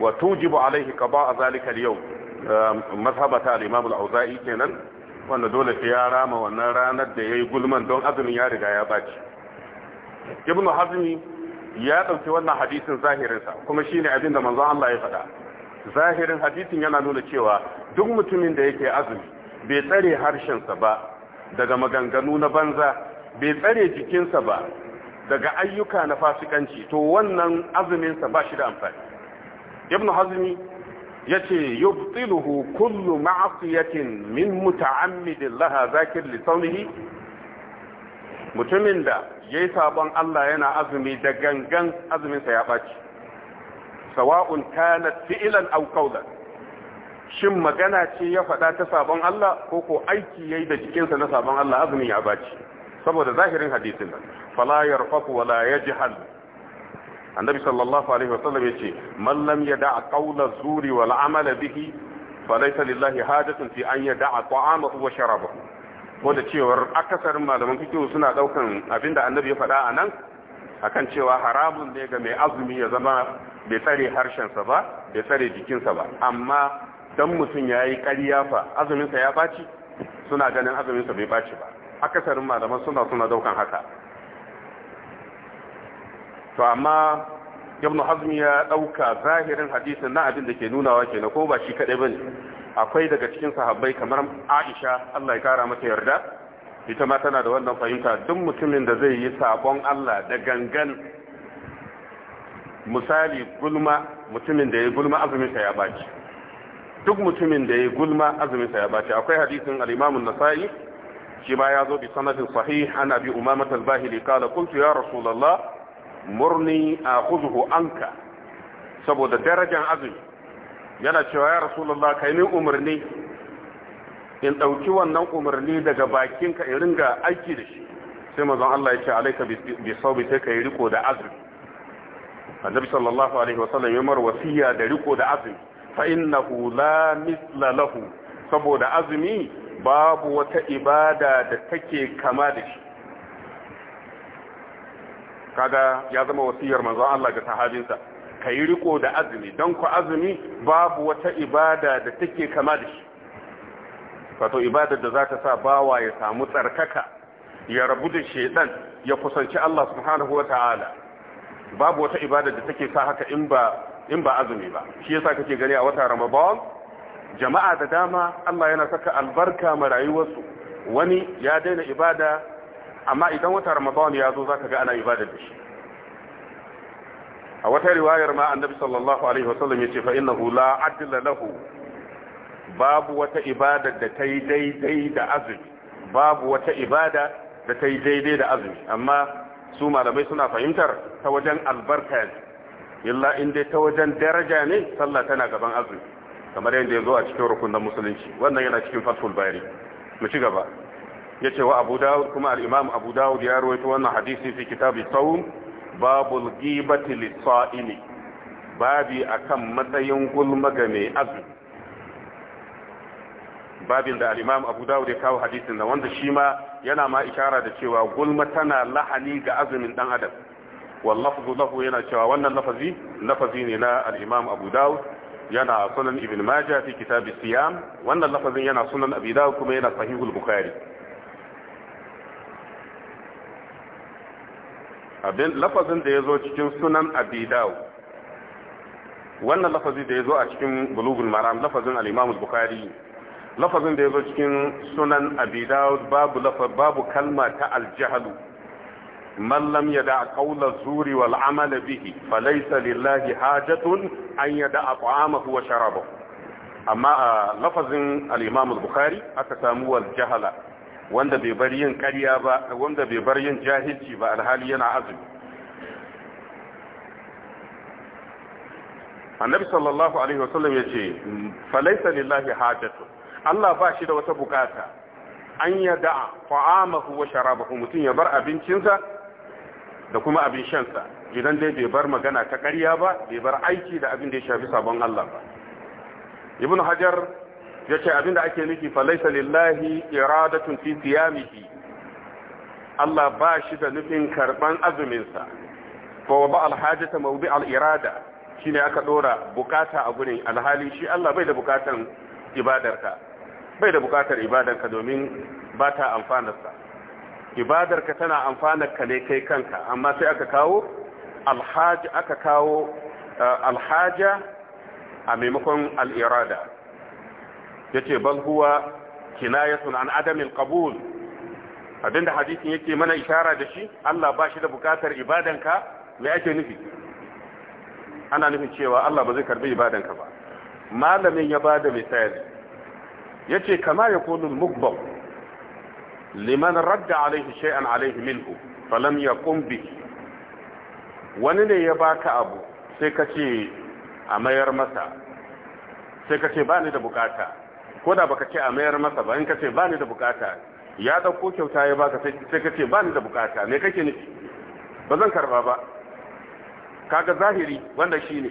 wa tujibu alaihi qada'a zalika al-yawm mazhabata al-imam al-auza'i kenan wanda dole sai ya rama wannan ranar da ya yi gulman don azumin ya riga ya baci ibnu hazmi ya ɗauki wannan hadisin zahirinsa kuma shine abin da manzon Allah ya faɗa zahirin hadisin yana nuna cewa duk mutumin da yake azumi bai tsare harshensa ba daga maganganu na banza bai tsare jikinsa ba daga ayyuka na fasikanci to wannan azuminsa ba shi da amfani ibn hazmi yace yubtiluhu kullu ma'siyatin min muta'ammidin laha zakir li saunihi mutumin da yayi sabon Allah yana azumi da gangan azumin sa ya baci sawa'un kanat fi'lan aw qawlan shin magana ce ya faɗa ta sabon Allah ko ko aiki yayi da cikinsa na sabon Allah azumin ya baci saboda zahirin hadisin nan fala yarfaqu wala yajhal annabi sallallahu alaihi wasallam yace man lam yada qawla zuri wal amala bihi falaysa lillahi hajatun fi an yada ta'amahu wa sharabahu ko da cewar akasarin malaman kike suna daukan abinda annabi ya faɗa anan akan cewa haramun ne ga mai azumi ya zama bai tsare sa ba bai tsare jikinsa ba amma dan mutum yayi ƙarya fa azuminsa ya baci suna ganin azuminsa bai baci ba akasarin malaman suna suna daukan haka to amma ibn hazm ya dauka zahirin hadisin na abin da ke nunawa kenan ko ba shi kadai bane akwai daga cikin sahabbai kamar Aisha Allah ya kara mata yarda ita ma tana da wannan fahimta duk mutumin da zai yi sabon Allah da gangan misali gulma mutumin da ya gulma azumin sa ya baci duk mutumin da ya gulma azumin sa ya baci akwai hadisin al-Imam an-Nasa'i shi ba ya zo bi sanadin sahih an Abi Umamah al-Bahili qala qultu ya Rasulullah murni a kuzuhu anka saboda darajan azumi yana cewa ya rasulullah kai min umarni in ɗauki wannan umarni daga bakinka in ringa aiki da shi sai mazan Allah ya ce alaika bi saubi sai ka yi riko da azumi annabi sallallahu alaihi wasallam ya mar wasiya da riko da azumi fa innahu la misla lahu saboda azumi babu wata ibada da take kama da shi kaga ya zama wasiyar manzon Allah ga sahabinsa kai riko da azumi don ku azumi babu wata ibada da take kama da shi wato ibada da za ta sa bawa ya samu tsarkaka ya rabu da shedan ya kusanci Allah subhanahu wataala babu wata ibada da take sa haka in ba in ba azumi ba shi yasa kake gani a wata ramadan jama'a da dama Allah yana saka albarka ma rayuwarsu wani ya daina ibada amma idan wata ramadan ya zo zaka ga ana ibada da shi a wata riwayar ma annabi sallallahu alaihi wasallam yace fa innahu la adla lahu babu wata ibada da ta yi daidai da azumi babu wata ibada da ta yi daidai da azumi amma su malamai suna fahimtar ta wajen albarka ne illa in dai ta wajen daraja ne sallah tana gaban azumi kamar yadda ya zo a cikin rukunin musulunci wannan yana cikin fatul bayari mu ci gaba yace wa Abu Dawud kuma al'imam imam Abu Dawud ya rawaito wannan hadisi fi kitab as-sawm babul ghibati lis-sa'im babi akan matsayin gulma ga mai azumi babin da al'imam imam Abu Dawud ya kawo hadisin da wanda shi ma yana ma ishara da cewa gulma tana lahani ga azumin dan adam واللفظ له yana cewa wannan lafazi lafazi ne na al'imam imam Abu Dawud yana sunan Ibn Majah fi kitab as-siyam wannan lafazin yana sunan Abi Dawud kuma yana sahihul Bukhari abin lafazin da ya zo cikin sunan abi wannan lafazi da ya zo a cikin bulugun maram lafazin al-imam bukhari lafazin da ya zo cikin sunan abi babu babu kalma ta al Mallam ya da yada qawla zuri wal amala bihi falaisa lillahi hajatun an yada ta'amahu wa sharabahu amma a lafazin al-imam bukhari aka samu wal jahala wanda bai bar yin ƙarya ba wanda bai bar yin jahilci ba alhali yana azumi annabi sallallahu alaihi wasallam yace falaisa lillahi hajatu Allah ba shi da wata bukata an ya da'a ta'amahu wa sharabahu mutun ya bar abincinsa da kuma abin shansa idan dai bai bar magana ta ƙarya ba bai bar aiki da abin da ya shafi sabon Allah ba ibn hajar Ya yace abinda ake nufi fa lillahi iradatun fi siyamihi Allah ba shi da nufin karban azuminsa. sa fa wa ba alhajata mawdi alirada ne aka dora bukata a gurin alhali shi Allah bai da bukatan ibadarka bai da bukatar ibadarka domin ba ta amfanarsa ibadarka tana amfanarka ne kai kanka amma sai aka kawo alhaji aka kawo eh, alhaja a maimakon al'irada yace bal huwa kinayatun an adamil qabul abinda hadisin yake mana ishara da shi Allah ba shi da bukatar ibadanka me ake nufi ana nufin cewa Allah ba zai karbi ibadanka ba malamin ya bada misali yace kama ya al-mukbal liman radda alaihi shay'an alaihi minhu falam yaqum bi wani ne ya baka abu sai ka ce a mayar masa sai ka ce ba ni da bukata ko da baka ce a mayar masa ba in ka ce ba ni da bukata ya dauko kyauta ya baka sai ka ce ba ni da bukata me kake nufi ba zan karba ba kaga zahiri wanda shine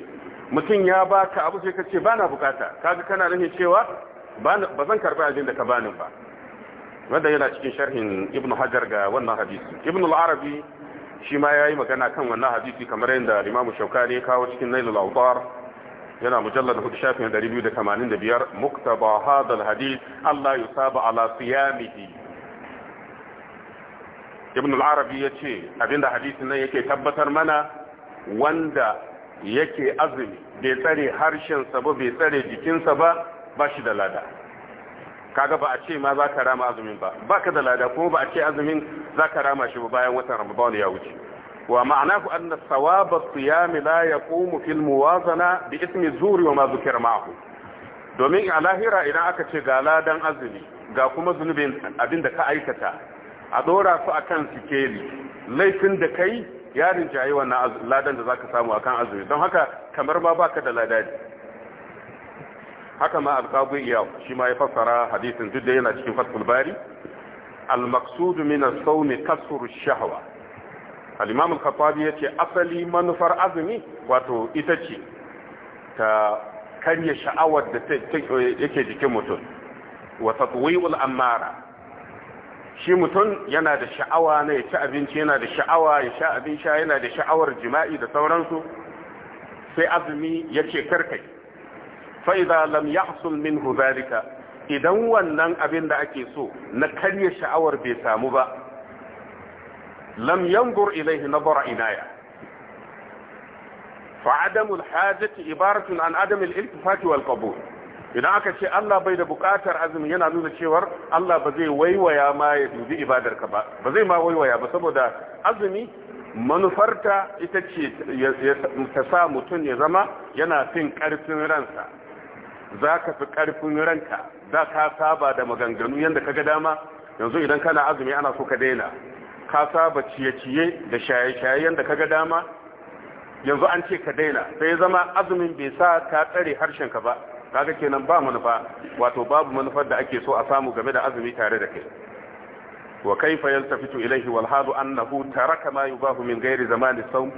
mutum ya baka abu sai ka ce ba na bukata kaga kana nufin cewa ba zan karba abin da ka bani ba wanda yana cikin sharhin ibnu hajar ga wannan hadisi ibnu al-arabi shi ma yayi magana kan wannan hadisi kamar yadda imamu shaukani ya kawo cikin nailul awtar yana mujallar hudu shafin dari biyu da tamanin da biyar muktaba hadal hadis Allah ya saba ala siyamihi ibn al-arabi ya ce abinda hadisin nan yake tabbatar mana wanda yake azumi bai tsare harshensa ba bai tsare jikinsa ba ba da lada kaga ba a ce ma za ka rama azumin ba ba ka da lada kuma ba a ce azumin za ka rama shi ba bayan watan ramadan ya wuce wa ku anna thawab as-siyam la yaqumu fil muwazana bi ismi zuri wa ma dhukira ma'ahu domin a lahira idan aka ce ga ladan azumi ga kuma zunubin abinda ka aikata a dora su akan sikeli laifin da kai ya rinjaye wannan ladan da zaka samu akan azumi don haka kamar ma baka da ladadi haka ma alqabi iyaw shi ma ya fassara hadisin duk da yana cikin fathul bari al-maqsud min as-sawm ash-shahwa al-imam al-khattabi yace asali manufar azumi wato ita ce ta karya sha'awar da yake jikin mutum wa tatwi'ul amara shi mutum yana da sha'awa na ya ci abinci yana da sha'awa ya sha abin sha yana da sha'awar jima'i da sauransu sai azumi yace karkai fa idza lam yahsul min dhalika idan wannan abin da ake so na karya sha'awar bai samu ba lam yanzur ilaihi nazara inaya fa adamul hajati ibaratun an adamul iltifati wal qabul idan aka ce Allah bai da buƙatar azumi yana nuna cewar Allah ba zai waiwaya ma ya dubi ibadarka ba ba zai ma waiwaya ba saboda azumi manufarta ita ce ta sa mutum ya zama yana fin karfin ransa za ka fi karfin ranka za ka saba da maganganu yadda ka ga dama yanzu idan kana azumi ana so ka daina ka saba ciye-ciye da shaye-shaye da kaga dama yanzu an ce ka daina sai zama azumin bai sa ka tsare harshen ka ba kaga kenan ba manufa wato babu manufar da ake so a samu game da azumi tare da kai wa kaifa yaltafitu ilayhi wal hadu annahu taraka ma yubahu min ghairi zamani sawm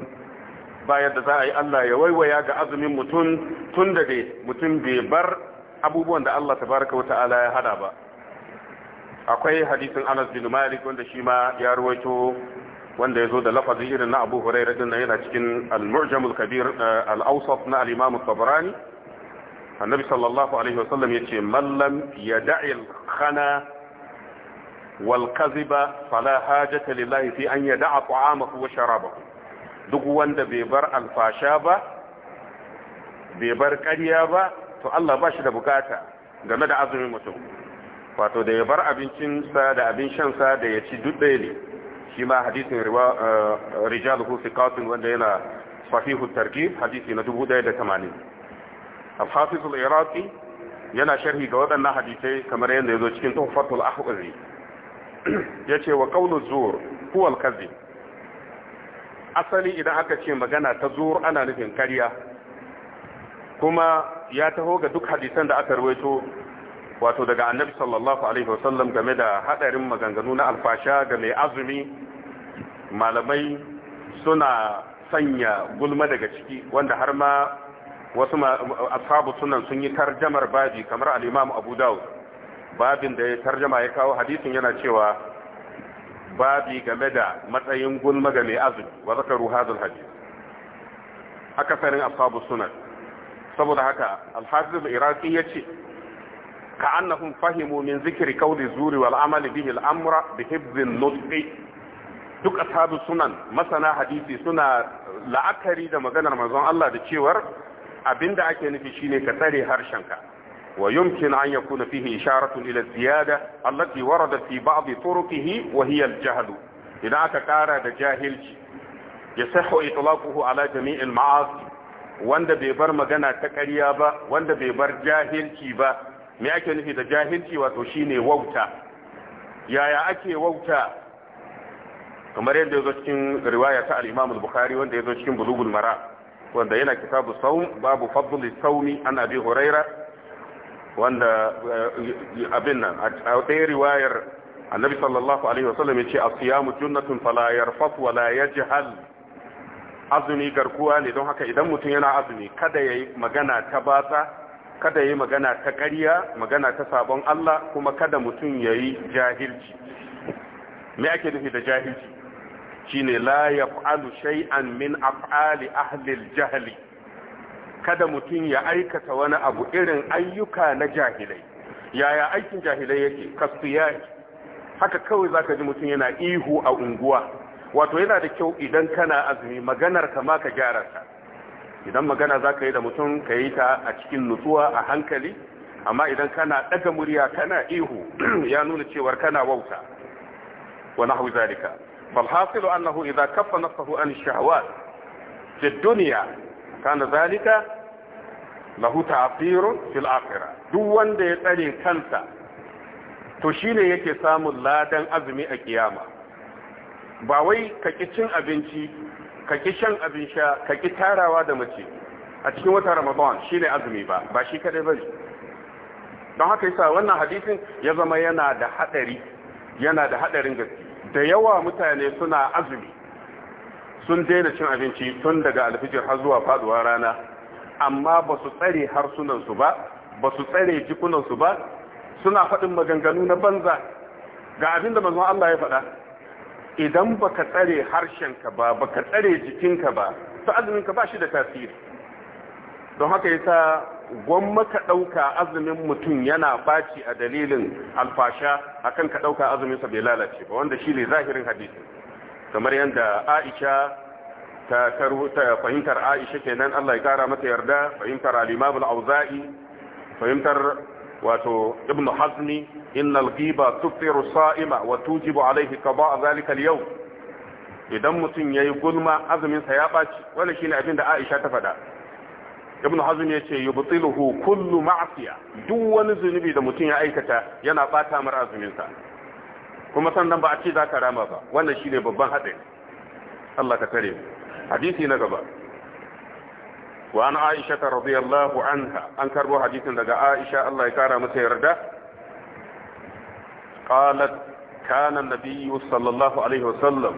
ba yadda za a yi Allah ya waiwaya ga azumin mutum tun da dai mutum bai bar abubuwan da Allah tabaraka wa ta'ala ya hada ba akwai hadisin anas bin malik wanda shi ma ya ruwaito wanda ya zo da lafazin irin na abu huraira din nan yana cikin al kabir eh, al-awsat na al-imam tabarani annabi sallallahu alaihi wasallam yace man lam yada'i al-khana wal kadhiba fala hajata lillahi fi an yada'a ta'amahu wa sharabahu duk wanda bai bar alfasha ba bai bar ƙarya ba to Allah ba shi da bukata game da azumin mutum wato da ya bar abincinsa da abin shansa da ya ci duk ɗaya ne shi ma hadisin eh, Rijalhu hufi wanda yana sahihu targib hadisi na 1080 al-hafiz al-iraqi yana sharhi ga waɗannan hadisai kamar yadda ya zo cikin tuhfatul ahwazi ya ce wa qawlu zur huwa al-kadhib asali idan aka ce magana ta zur ana nufin karya kuma ya taho ga duk hadisan da aka rawaito wato daga annabi sallallahu alaihi wasallam game da hadarin maganganu na alfasha ga mai azumi malamai suna sanya gulma daga ciki wanda har ma wasu ashabu sunan sun yi tarjamar babi kamar al-imam Abu Dawud babin da ya tarjama ya kawo hadisin yana cewa babi game da matsayin gulma ga mai azumi wa zakaru hadal hadis akasarin ashabu sunan saboda haka al-hafiz iraqi yace ka annahum fahimu min zikri qawli zuri wal amali bihi al amra duk ashabu sunan masana hadisi suna la'akari da maganar manzon Allah da cewar abinda ake nufi shine ka tsare harshenka wa yumkin an yakuna fihi isharatun ila ziyada allati warada fi ba'd turuqihi wa hiya al jahl idan aka kara da jahilci yasihu itlaquhu ala jami'il ma'asi wanda bai bar magana ta ƙarya ba wanda bai bar jahilci ba me ake nufi da jahilci wato shine wauta yaya ake wauta kamar yadda yazo cikin riwaya ta al-Imam al-Bukhari wanda yazo cikin Bulughul Mara wanda yana kitabu sawm babu fadli sawmi an Abi Huraira wanda eh, abin nan a ɗaya riwayar annabi sallallahu alaihi wasallam yace as-siyamu junnatun fala yarfat wala yajhal azumi garkuwa ne don haka idan mutum yana azumi kada yayi magana ta basa. kada yi magana ta ƙarya magana ta sabon Allah kuma kada mutum ya yi jahilci me ake nufi da jahilci shine la yaf'alu shai’an min af'ali ahlil, jahali. kada mutum ya aikata wani abu irin ayyuka na jahilai yaya aikin jahilai yake kasiyai haka kawai za ka ji mutum yana ihu a unguwa wato yana da kyau idan kana azumi maganar ka ma ka gyara ta idan magana za ka yi da mutum ka yi ta a cikin nutsuwa a hankali amma idan kana ɗaga murya kana ihu ya nuna cewar kana wauta wani hau zalika falhasilu annahu idza kaffa nafsahu an shahawat fi dunya kana zalika lahu ta'thirun fil akhirah duk wanda ya tsare kansa to shi ne yake samun ladan azumi a kiyama ba wai ka ki cin abinci ka ki shan abin sha ka ki tarawa da mace a cikin wata ramadan ne azumi ba ba shi kadai bane don haka yasa wannan hadisin ya zama yana da hadari yana da hadarin gaske da yawa mutane suna azumi sun daina cin abinci tun daga alfijir har zuwa faduwa rana amma ba su tsare harsunansu ba ba su tsare jikunansu ba suna faɗin maganganu na banza ga abinda manzon Allah ya faɗa idan baka tsare harshenka ba baka tsare jikinka ba to azuminka ba shi da tasiri don haka yasa gwamma ka ɗauka azumin mutum yana baci a dalilin alfasha akan ka ɗauka azuminsa bai lalace ba wanda shi ne zahirin hadisi kamar yadda aisha ta fahimtar aisha kenan allah ya kara mata yarda fahimtar alimabul auza'i fahimtar wato ibnu hazmi innal ghiba tufiru sa'ima wa tujibu alaihi qada zalika al-yawm idan mutum yayi gulma azumin sa ya baci wannan shine abin da Aisha ta faɗa ya hazm yace yubtiluhu kullu ma'siya duk wani zunubi da mutum ya aikata yana bata mar azumin sa kuma sannan ba a ce zaka rama ba wannan shine babban hadari Allah ka kare hadisi na gaba wa an aisha ta anha an karbo hadisin daga aisha Allah ya kara masa yarda qalat kana nabiyyu sallallahu alaihi wasallam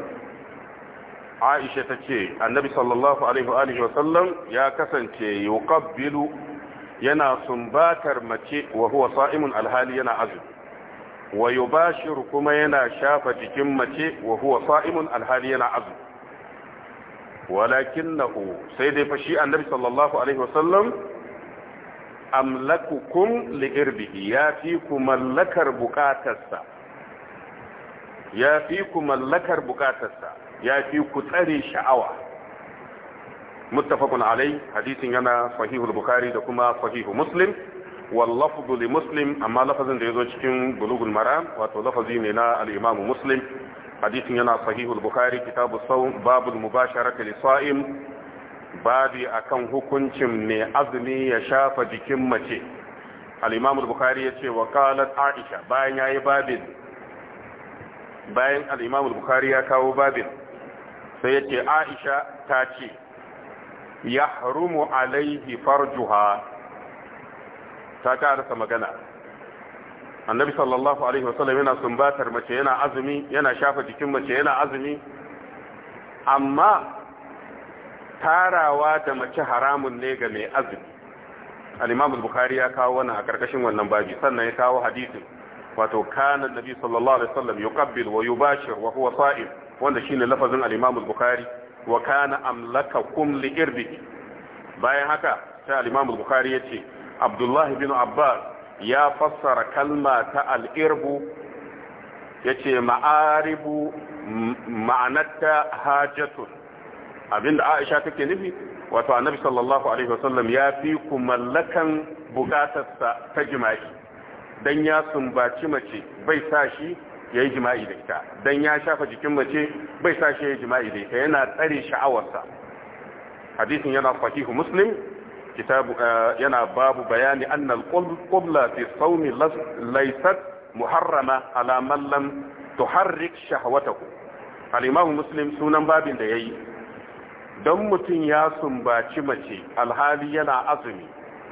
aisha ta ce annabi sallallahu alaihi wa sallam ya kasance yuqabbilu yana sumbatar mace wa huwa alhali yana azumi wa yubashiru kuma yana shafa jikin mace wa huwa alhali yana azumi walakinnahu sai dai fa shi annabi sallallahu alaihi wasallam amlakukum ya fi ku mallakar bukatarsa ya fi ku mallakar bukatarsa ya fi ku tsare sha'awa muttafaqun alai hadisin yana sahihul bukhari da kuma sahihu muslim wallafzu li muslim amma lafazin da yazo cikin bulugul maram wato lafazi ne na al-imamu muslim hadisin yana sahihul bukhari kitabu sawm babul mubasharati lisa'im Babu akan hukuncin mai azumi ya shafa jikin mace al-imam al-bukhari yace wa qalat aisha bayan yayi babin bayan al bukhari ya kawo babin sai yace aisha ta ce yahrumu alaihi farjuha ta karasa magana annabi sallallahu alaihi wasallam yana sumbatar mace yana azumi yana shafa jikin mace yana azumi amma tarawa da mace haramun ne ga mai azumi al-imam bukhari ya kawo wannan a karkashin wannan babi sannan ya kawo hadisin wato kana annabi sallallahu alaihi wasallam yuqabbil wa yubashir wa huwa sa'im wanda shine lafazin al-imam al-bukhari wa kana amlakakum li bayan haka sai al-imam ya bukhari yace abdullah ibn abbas ya fassara kalma ta al'irbu ya ce ma'aribu ma'anatta hajjatun abinda aisha take nufi wato annabi sallallahu alaihi wasallam ya fi ku mallakan bukatarsa ta jima'i dan ya sumbaci mace bai sa shi ya yi jima'i da ita dan ya shafa jikin mace bai sa shi ya yi jima'i da ita yana tsare sha'awarsa hadisin yana fahihu muslim kitabu eh, yana babu bayani annal qubla fi sawmi laysat muharrama ala man lam tuharrik shahwatahu al-imam muslim sunan babin da yayi don mutum ya sumbaci mace alhali yana azumi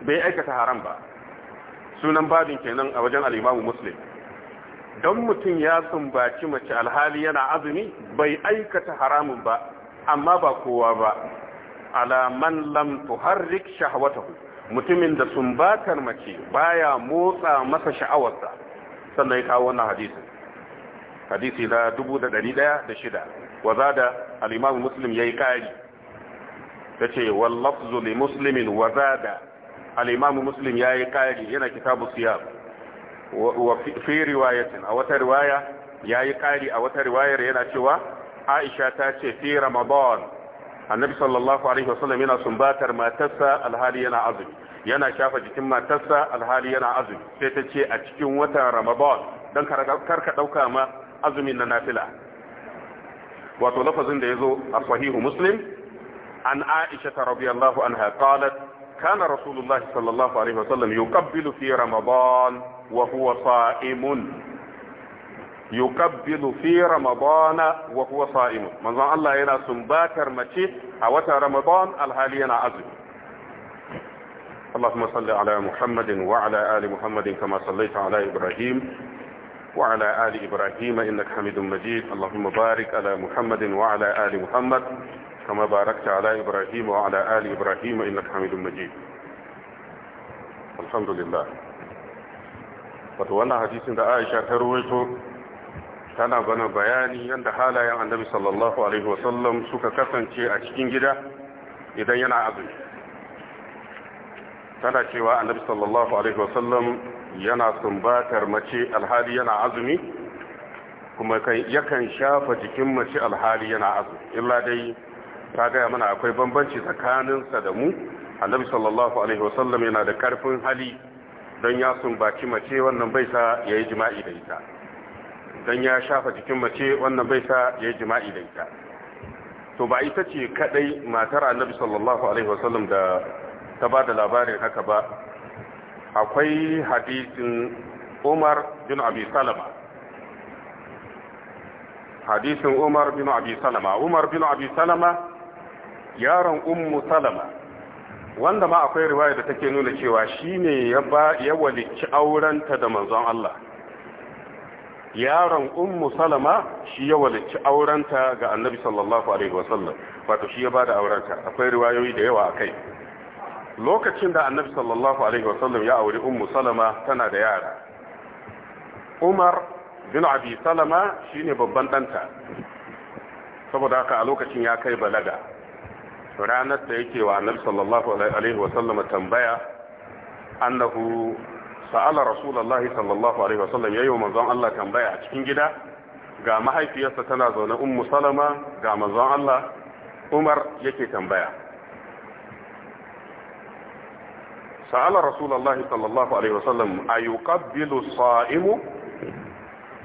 bai aikata haram ba sunan babin kenan a wajen al-imam muslim don mutum ya sumbaci mace alhali yana azumi bai aikata haramun ba amma ba kowa ba ala man lam tuharrik shahwatahu mutumin da sun sumbatar mace baya motsa masa sha'awarsa sannan ya kawo wannan hadisi hadisi na 1106 wazada al-imam muslim yayi kari yace wal lafzu li muslimin da al-imam muslim yayi kari yana kitabu siyar. wa fi riwayatin a wata riwaya yayi kari a wata riwayar yana cewa Aisha ta ce fi Ramadan annabi sallallahu alaihi wasallam yana sumbatar matarsa alhali yana azumi yana shafa jikin matarsa alhali yana azumi sai ta ce a cikin watan ramadan dan karka dauka ma azumin na nafila wato lafazin da yazo a sahihu muslim an aisha radhiyallahu anha qalat kana rasulullahi sallallahu alaihi wasallam yuqabbilu fi ramadan wa huwa sa'imun يكبد في رمضان وهو صائم من manzon الله إلى سنباكر mace a watan ramadan alhali اللهم صل على محمد وعلى آل محمد كما صليت على إبراهيم وعلى آل إبراهيم إنك حميد مجيد اللهم بارك على محمد وعلى آل محمد كما باركت على إبراهيم وعلى آل إبراهيم إنك حميد مجيد الحمد لله فتوانا حديث عائشة ترويته tana bana bayani yadda halayen annabi sallallahu alaihi wasallam suka kasance a cikin gida idan yana azumi tana cewa annabi sallallahu alaihi wasallam yana sumbatar mace alhali yana azumi kuma yakan shafa jikin mace alhali yana azumi illa dai ta gaya mana akwai bambanci tsakaninsa da mu annabi sallallahu alaihi wasallam yana da karfin hali don ya sumbaci mace wannan bai sa ya yi jima'i da ita don ya shafa jikin mace wannan bai sa ya yi jima'i da ita to ba ita ce kadai matar annabi sallallahu alaihi wasallam da ta ba da labarin haka ba akwai hadisin umar bin abi salama hadisin umar bin abi salama umar bin abi salama yaron ummu salama wanda ma akwai riwaya da take nuna cewa shine ya ba ya walicci aurenta da manzon Allah yaron ummu salama shi ya walici aurenta ga annabi sallallahu alaihi wasallam wato shi ya bada aurenta akwai riwayoyi da yawa akai lokacin da annabi sallallahu alaihi wasallam ya auri ummu salama tana da yara umar bin abi salama shine babban danta saboda haka a lokacin ya kai balaga ranar da yake wa annabi sallallahu alaihi wasallam tambaya annahu سأل رسول الله صلى الله عليه وسلم يوم مزان الله كان بايع تكين جدا غا محي في يستنا زونا أم سلمة غا مزان الله عمر يكي كان بايع سأل رسول الله صلى الله عليه وسلم أيقبل الصائم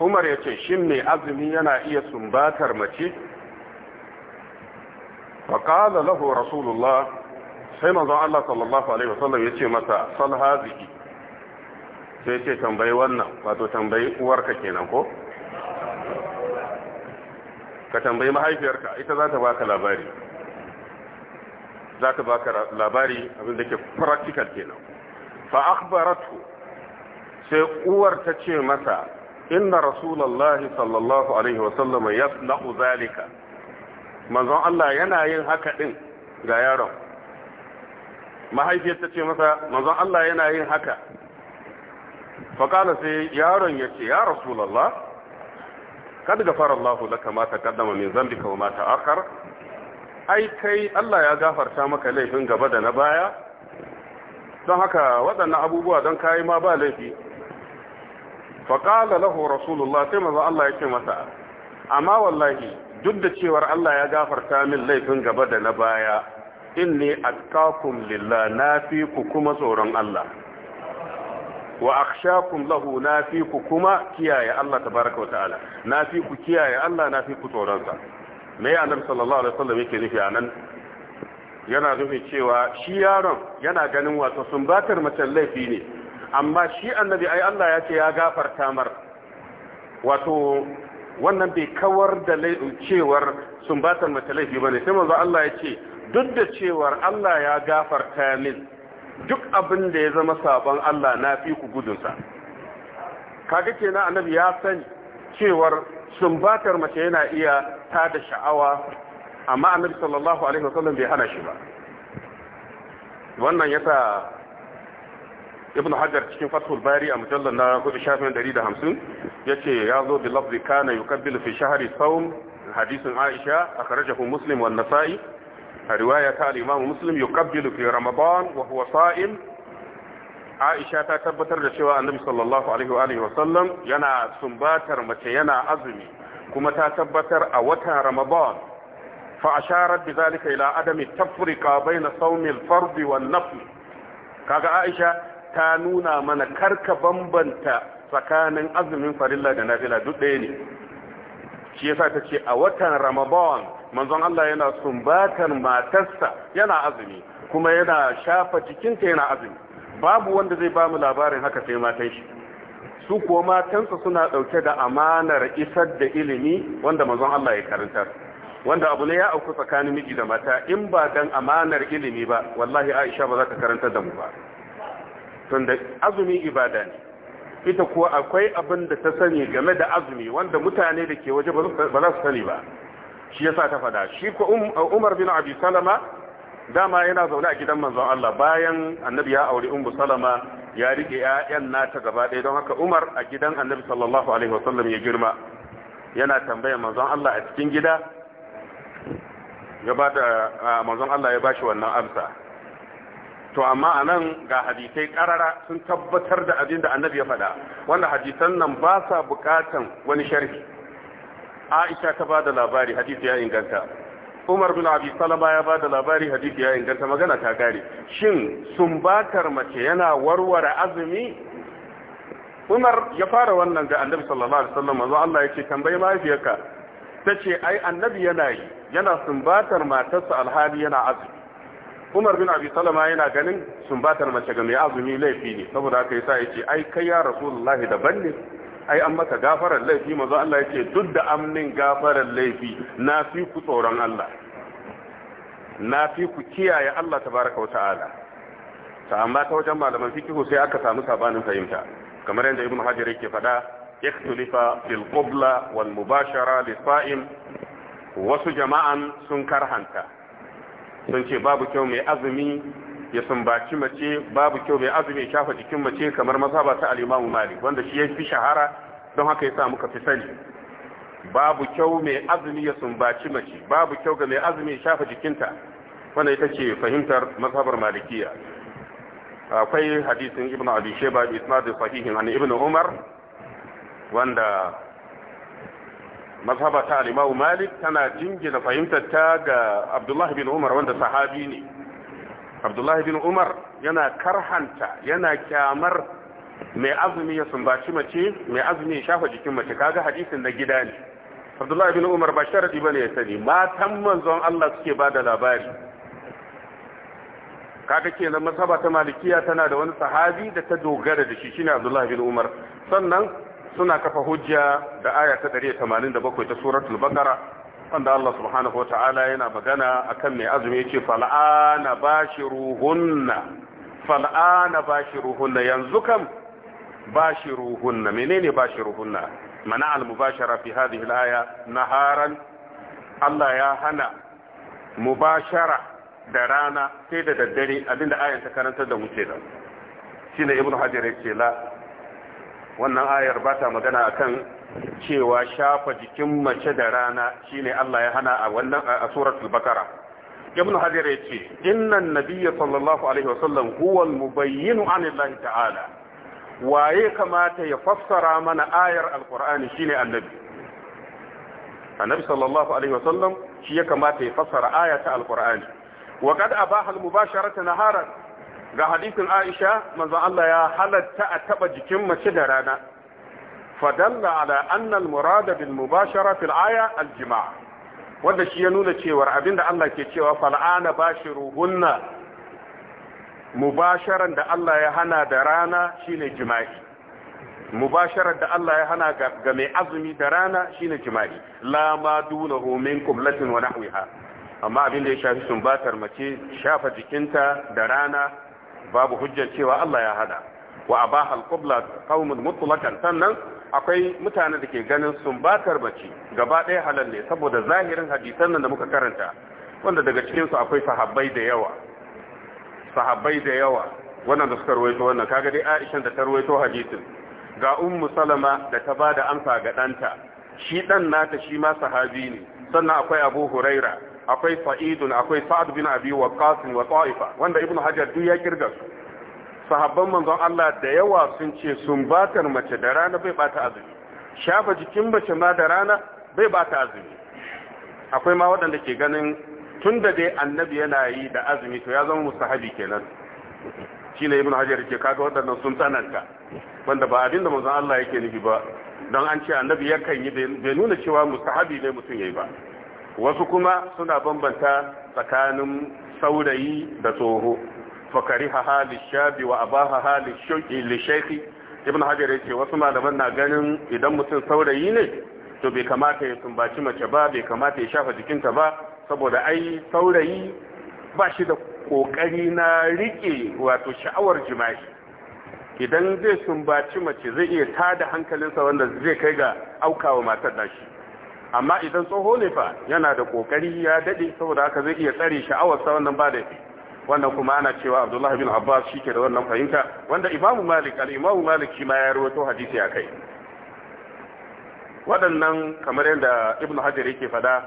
عمر يكي شمي أزمي أنا إيا سنباتر مكي فقال له رسول الله سيما زان الله صلى الله عليه وسلم يكي متى صل هذه sai ce tambayi wannan wato tambayi uwarka kenan ko ka tambayi mahaifiyarka ita za ta baka labari za ta baka labari abinda ke practical kenan fa akhbaratu sai uwar ta ce masa inna rasulullahi sallallahu alaihi wasallam yasna'u zalika manzon Allah yana yin haka din ga yaron mahaifiyar ta ce masa manzon Allah yana yin haka faƙala sai yaron ya ce ya rasulallah kad gafara Allah laka ma taqaddama min zambika wa ma ta'akhkhar ai kai Allah ya gafarta maka laifin gaba da na baya don haka waɗannan abubuwa don kayi ma ba laifi faƙala lahu rasulullah sai maza Allah ya ce masa amma wallahi duk da cewar Allah ya gafarta min laifin gaba da na baya inni atqakum lillah nafi ku kuma tsoron Allah wa akhshakum lahu na fi ku kuma kiyaye Allah tabaraka ta'ala na fi ku kiyaye Allah na fi ku tsoron sa me annabi sallallahu alaihi wasallam yake nufi anan yana nufi cewa shi yaron yana ganin wato sumbatar mace laifi ne amma shi annabi ai Allah ya ce ya gafarta mar wato wannan bai kawar da cewar sumbatar mace laifi bane sai manzo Allah ya ce duk da cewar Allah ya gafarta min duk abin da ya zama sabon Allah na fi ku gudunsa kaga na annabi ya sani cewar sumbatar mace yana iya ta da sha'awa amma annabi sallallahu alaihi wasallam bai hana shi ba wannan yasa ibn hajar cikin fathul bari a mujallar na hudu shafin da hamsin, ya ce ya zo bi lafzi kana yukabbilu fi shahri sawm hadisin aisha akhrajahu muslim wan nasa'i riwaya ta al-Imam Muslim yuqabbilu fi Ramadan wa huwa sa'im Aisha ta tabbatar da cewa Annabi sallallahu yana sumbatar mace yana azumi kuma ta tabbatar a wata Ramadan fa asharat bi zalika ila adami tafriqa bayna sawmi al-fard wa an-nafl kaga Aisha ta nuna mana kar ka bambanta tsakanin azumin farilla da Nabila duk ɗaya ne shi yasa ta ce a watan ramadan manzon Allah yana sumbatar matarsa yana azumi kuma yana shafa jikinta yana azumi babu wanda zai ba mu labarin haka sai matan shi su kuwa matansa suna ɗauke da amanar isar da ilimi wanda manzon Allah ya karanta, wanda abu ne ya auku tsakanin miji da mata in ba dan amanar ilimi ba wallahi Aisha ba za ta karanta da mu ba tunda azumi ibada ne ita kuwa akwai abin da ta sani game da azumi wanda mutane da ke waje ba za su sani ba shi yasa ta fada shi ko um, Umar bin Abi Salama dama yana zaune a gidan manzon Allah bayan annabi ya aure umu Salama ya rike ƴaƴan nata gaba ɗaya don haka Umar a gidan annabi sallallahu alaihi wasallam ya girma yana tambayar manzon Allah a cikin gida ya ba da manzon Allah ya bashi wannan amsa to amma a nan ga hadisai karara sun tabbatar da abin da annabi ya faɗa wanda hadisan nan ba sa bukatan wani sharhi aisha ta ba da labari hadisi ya inganta umar bin abi salama ya ba da labari hadisi ya inganta magana ta kare shin sumbatar mace yana warware azumi umar ya fara wannan ga annabi sallallahu alaihi wasallam manzo Allah ya ce tambayi mahaifiyarka tace ai annabi yana yi yana sumbatar matarsa alhali yana azumi umar bin abi salama yana ganin sumbatar mace ga mai azumi laifi ne saboda haka yasa yace ai kai ya rasulullahi daban ne ai an maka gafarar laifi manzo Allah yace duk da amnin gafarar laifi na fi ku tsoron Allah na fi ku kiyaye Allah tabaraka wata'ala ta amma ta wajen malaman fiqh sai aka samu sabanin fahimta kamar yadda ibnu hajar yake faɗa ikhtilafa fil qibla wal mubashara lis wasu jama'an sun karhanta sun ce babu kyau mai azumi ya sumbaci mace babu kyau mai azumi shafa jikin mace kamar mazhaba ta alimamu mali Malik wanda shi ya fi shahara don haka ya sa muka fi sani babu kyau mai azumi ya sumbaci mace babu kyau ga mai azumi ya shafa jikinta wanda ita ce fahimtar mazhabar Malikiya akwai hadisin Ibn Abi ba bi isnad sahihin an Ibn Umar wanda mazhaba ta alimawu malik tana jingina fahimtar ta ga abdullahi bin umar wanda sahabi ne abdullahi bin umar yana karhanta yana kyamar mai azumi ya sumbaci mace mai azumi ya shafa jikin mace kaga hadisin na gida ne abdullahi bin umar ba sharadi bane ya sani matan manzon Allah suke ba da labari kaga kenan masaba ta malikiya tana da wani sahabi da ta dogara da shi shine abdullahi bin umar sannan suna kafa hujja da aya ta 187 ta suratul baqara wanda Allah subhanahu wataala yana magana akan mai azumi yace fal'ana bashiruhunna fal'ana bashiruhunna yanzu kam bashiruhunna menene bashiruhunna mana al-mubashara fi hadhihi al-aya naharan Allah ya hana mubashara da rana sai da daddare abinda ayan ta karantar da mu shine ibnu hajar yace la wannan ayar ba ta magana a kan cewa shafa jikin mace da rana shine Allah ya hana a wannan a suratul bakara ibn hajar ce, innan nabiyya sallallahu alaihi wasallam huwa al-mubayyin an Allah ta'ala waye kamata ya fassara mana ayar al alqur'ani shine annabi annabi sallallahu alaihi wasallam shi ya kamata ya fassara ayata alqur'ani wa qad abaha al-mubasharata naharan ga hadisin Aisha maza Allah ya halatta a taba jikin mace da rana fadalla ala anna murada bil mubashara fil aya al wanda shi ya nuna cewa abinda Allah ke cewa fal'ana bashiruhunna mubasharan da Allah ya hana da rana shine jima'i mubasharan da Allah ya hana ga mai azumi da rana shine jima'i la ma dunahu minkum latin wa nahwiha amma abinda ya shafi sumbatar mace shafa jikinta da rana babu hujjar cewa Allah ya hada wa abaha al-qibla qaumun mutlaqan sannan akwai mutane da ke ganin sumbatar bace gaba ɗaya halal ne saboda zahirin hadisan nan da muka karanta wanda daga cikin su akwai sahabbai da yawa sahabbai da yawa wannan da suka rawaito wannan kaga dai Aisha da ta rawaito hadisin ga ummu Salama da ta bada amsa ga ɗanta shi dan nata shi ma sahabi ne sannan akwai Abu Huraira akwai sa'idun akwai sa'ad bin abi waqqas wa ta'ifa wanda ibnu hajar duk ya kirga su sahabban manzon Allah da yawa sun ce sun batar mace da rana bai bata azumi shafa jikin mace ma da rana bai bata azumi akwai ma waɗanda ke ganin tun da dai annabi yana yi da azumi to ya zama mustahabi kenan shine ibnu hajar ke kaga waɗannan sun tsananta wanda ba abin da manzon Allah yake nufi ba don an ce annabi yakan yi bai nuna cewa mustahabi ne mutum yayi ba wasu kuma suna bambanta tsakanin saurayi da tsoho fakari ha hali shabi wa abaha halin ibn hajar ya ce wasu malaman na ganin idan mutum saurayi ne to bai kamata ya sumbaci mace ba bai kamata ya shafa jikinta ba saboda ai saurayi ba shi da kokari na rike wato sha'awar jima'i idan zai sumbaci mace zai iya tada hankalinsa wanda zai kai ga aukawa matar da shi amma idan tsoho ne fa yana da kokari ya dade saboda haka zai iya tsare sha'awar sa wannan ba da wannan kuma ana cewa Abdullah bin Abbas shike da wannan fahimta wanda Imam Malik al-Imam Malik shi ma ya rawaito hadisi akai waɗannan kamar yadda Ibn Hajar yake fada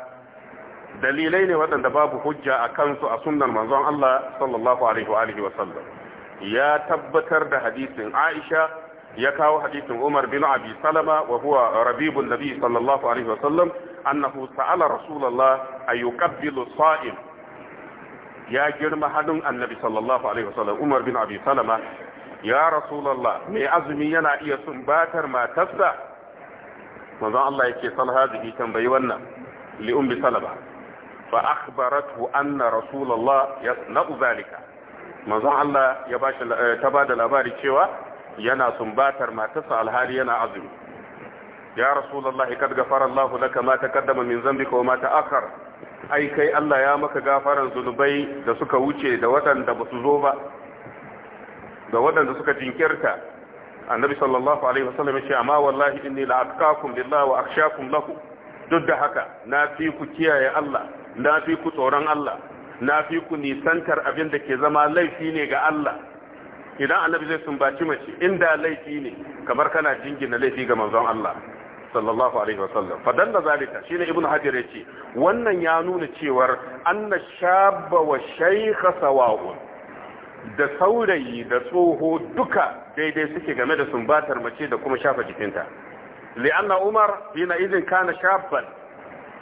dalilai ne waɗanda babu hujja a kansu a sunnar manzon Allah sallallahu alaihi wa wa sallam ya tabbatar da hadisin Aisha ya kawo hadisin Umar bin Abi Salama wa huwa rabibun nabi sallallahu alaihi wa sallam annahu sa'ala rasulullah ayukabbilu sa'im ya girma hannun annabi sallallahu alaihi wa sallam Umar bin Abi Salama ya rasulullah me azumi yana iya sumbatar matarsa manzon Allah yake san hadisi tambayi wannan li ummi Salama fa akhbaratu anna rasulullah yasna'u zalika manzon Allah ya bashi eh, ta bada labari cewa yana sumbatar matarsa alhali yana azumi ya rasulullahi kad gafara Allahu laka ma taqaddama min dhanbika wa ma ta'akhkhar ai kai Allah ya maka gafaran zunubai da suka wuce da waɗanda ba su zo ba da waɗanda suka jinkirta annabi sallallahu alaihi wasallam ya ce amma wallahi inni la atqakum lillahi wa akhshakum lahu duk da haka na fi ku kiyaye Allah na fi ku tsoron Allah na fi ku nisantar abin da ke zama laifi ne ga Allah idan annabi zai sumbaci mace inda laifi ne kamar kana jingina laifi ga manzon Allah sallallahu alaihi wasallam fadalla zalika shine ibnu hajar yace wannan ya nuna cewar anna shabba wa shaykha sawa'un da saurayi da tsoho duka daidai suke game da sumbatar mace da kuma shafa jikinta li'anna umar yana idin kana shabban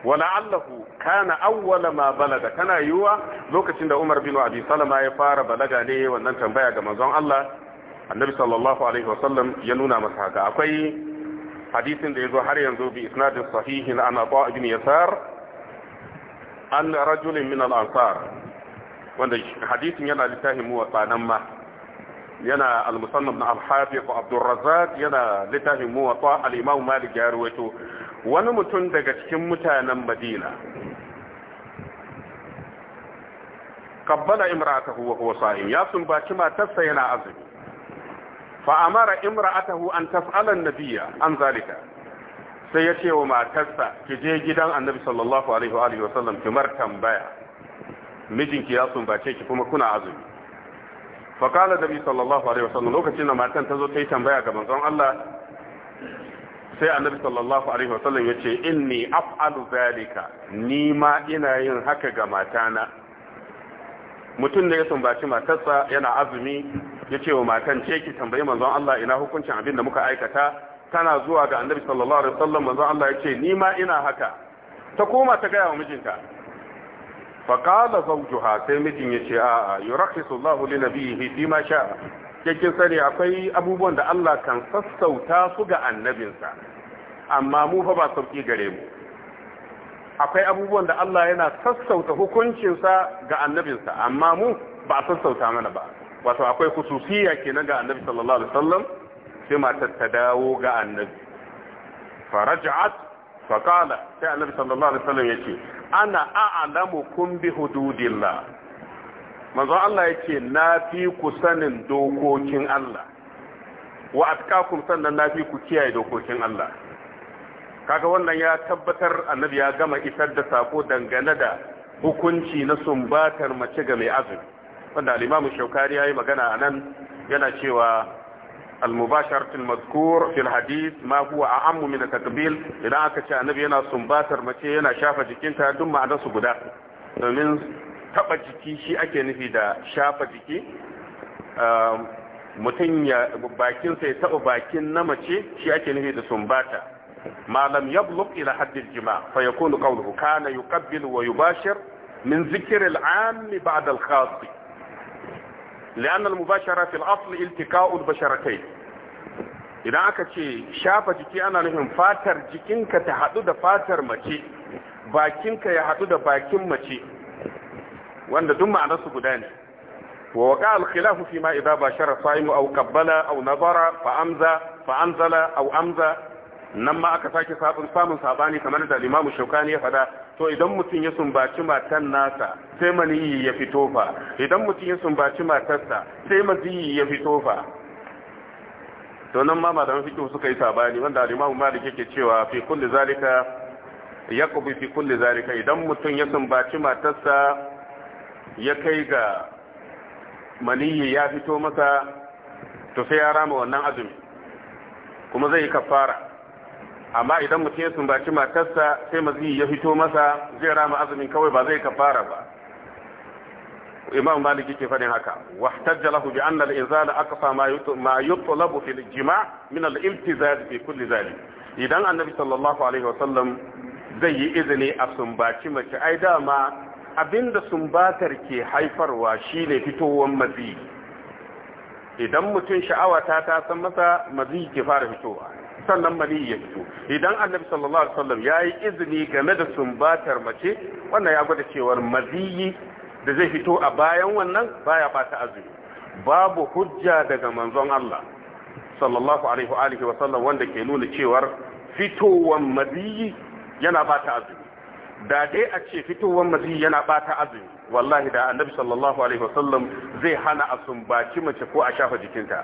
ولعله كان اول ما balaga كان yiwa lokacin دا عمر بن ابي سلمى يا فار balaga ne wannan tambaya ga manzon Allah Annabi sallallahu alaihi wasallam ya nuna masa haka akwai hadisin da yazo har yanzu bi isnadin sahihin an Abu ibn Yasar an rajul min al-ansar wanda hadisin yana littafin muwatta nan ma yana al-musannaf na al-hafiz Abdul Razzaq yana littafin muwatta al-Imam Malik ya ruwaito wani mutum daga cikin mutanen madina kabbala imra'atahu wa huwa sa'im ya sumbaci matarsa yana azumi fa amara imra'atahu an tas'ala an-nabiyya an zalika sai ya ce wa matarsa ki je gidan annabi sallallahu alaihi wa alihi wasallam ki mar tambaya mijinki ya sumbace ki kuma kuna azumi fa qala nabi sallallahu alaihi wasallam lokacin da matan ta zo ta yi tambaya ga manzon Allah sai annabi sallallahu alaihi wasallam ya ce inni af'alu zalika ni ma ina yin haka ga matana mutum da ya sumbaci matarsa yana azumi ya ce wa matan ce ki tambayi manzon Allah ina hukuncin abin da muka aikata tana zuwa ga annabi sallallahu alaihi wasallam manzon Allah ya ce ni ma ina haka ta koma ta gaya wa mijinta fa qala zawjuha sai mijin ya ce a'a yurakhisu Allahu li nabiyhi fi ma sha'a cikin sani akwai abubuwan da Allah kan sassauta su ga annabinsa amma mu fa ba sauki gare mu akwai abubuwan da Allah yana sassauta hukuncinsa ga annabinsa amma mu ba a sassauta mana ba wato akwai khususiyya kenan ga annabi sallallahu alaihi wasallam sai matar ta dawo ga annabi faraj'at fa qala sai annabi sallallahu alaihi wasallam yace ana kum bi hududillah manzo Allah yake na fi ku sanin dokokin Allah wa atqakum sannan na fi ku kiyaye dokokin Allah kaga wannan ya tabbatar annabi ya gama isar da sako dangane da hukunci na sumbatar mace ga mai azumi wanda al-Imam Shawkari yayi magana anan yana cewa al-mubasharatu al-mazkur fi al-hadith ma huwa a'ammu min at idan aka ce annabi yana sumbatar mace yana shafa jikinta duk su guda domin taba jiki shi ake nufi da shafa jiki mutum ya bakinsa ya taba bakin na mace shi ake nufi da sumbata malam yablugh ila haddil jima fa yakunu qawluhu kana yuqabbilu wa yubashir min zikr al-'am ba'da al mubashara لأن المباشرة في الأصل التقاء البشرتين idan aka ce shafa jiki ana nufin fatar jikinka ta haɗu da fatar mace bakinka ya haɗu da bakin mace wanda duk ma'anarsu guda ne wa waka alkhilafu fi ma idza bashara sa'imu aw qabbala aw nazara fa amza fa anzala aw amza nan ma aka sake sabon samun sabani kamar da Imam Shaukani ya fada to idan mutum ya sumbaci matan nasa sai maniyi ya fito fa idan mutun ya sumbaci matarsa sai maziyi ya fito fa to nan ma madan fiqh suka yi sabani wanda Imam Malik yake cewa fi kulli zalika yaqbi fi kulli zalika idan mutum ya sumbaci matarsa ya kai ga maniyi ya fito masa to sai ya rama wannan azumi kuma zai yi kafara amma idan mutum ya sumbaci matarsa sai maziyi ya fito masa zai rama azumin kawai ba zai kafara ba imam maliki ke fadin haka wahtajja lahu bi anna al-inzal aqsa ma ma yutlabu fil jima' min al iltizaz fi kulli zalik idan annabi sallallahu alaihi wa sallam zai yi izini a sumbaci mace ai dama abinda sumbatar ke haifarwa shine fitowar mazi idan mutum sha'awa ta ta san masa mazi ke fara fitowa sannan mani ya fito idan annabi sallallahu alaihi wasallam yayi izini game da sumbatar mace wannan ya gwada cewar maziyi da zai fito a bayan wannan baya bata azumi babu hujja daga manzon Allah sallallahu alaihi wa alihi wasallam wanda ke nuna cewar fitowar maziyi yana bata azumi da dai a ce fitowar mazi yana bata azumi wallahi da annabi sallallahu alaihi wasallam zai hana a sumbaci mace ko a shafa jikinta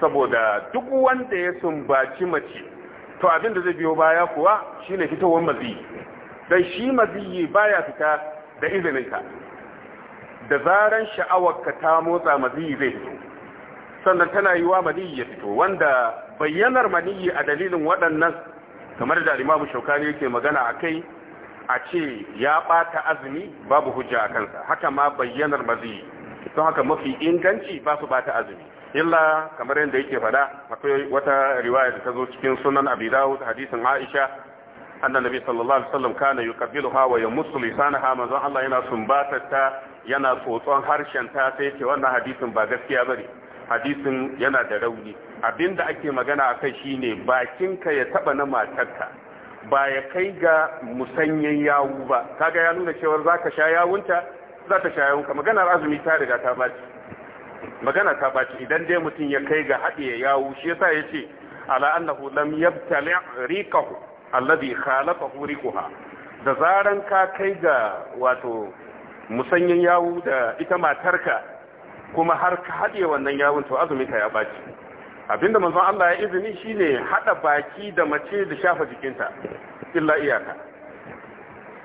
saboda duk wanda ya sumbaci mace to abin da zai biyo baya kuwa shine fitowar mazi dan shi mazi baya fita da izinin ka da zaran ka ta motsa mazi zai fito sannan tana yiwa mazi ya fito wanda bayyanar maniyi a dalilin waɗannan kamar da Imam shaukani yake magana a kai a ce ya ɓata azumi babu hujja a kansa haka ma bayyanar mazi don haka mafi inganci ba su ɓata azumi illa kamar yadda yake faɗa akwai wata riwaya da ta zo cikin sunan abi dawud hadisin aisha nabi sallallahu alaihi wasallam kana ha wa yamussu lisanaha manzo Allah yana sumbatar ta yana tsotson harshen ta sai ce wannan hadisin ba gaskiya bane hadisin yana da rauni abinda ake magana akai shine bakinka ya taba na matarka ba ya kai ga musanyen yawu ba kaga ya nuna cewar za ka sha yawunta za ta sha yawunka maganar azumi ta riga ta baci magana ta baci idan dai mutum ya kai ga haɗiye yawu shi yasa ya ce ala annahu lam yabtali riqahu alladhi khalaqahu riquha da zaran ka kai ga wato musanyen yawu da ita matarka kuma har ka haɗe wannan yawun to azumin ka ya baci abinda manzon Allah ya izini shine hada baki da mace da shafa jikinta illa iyaka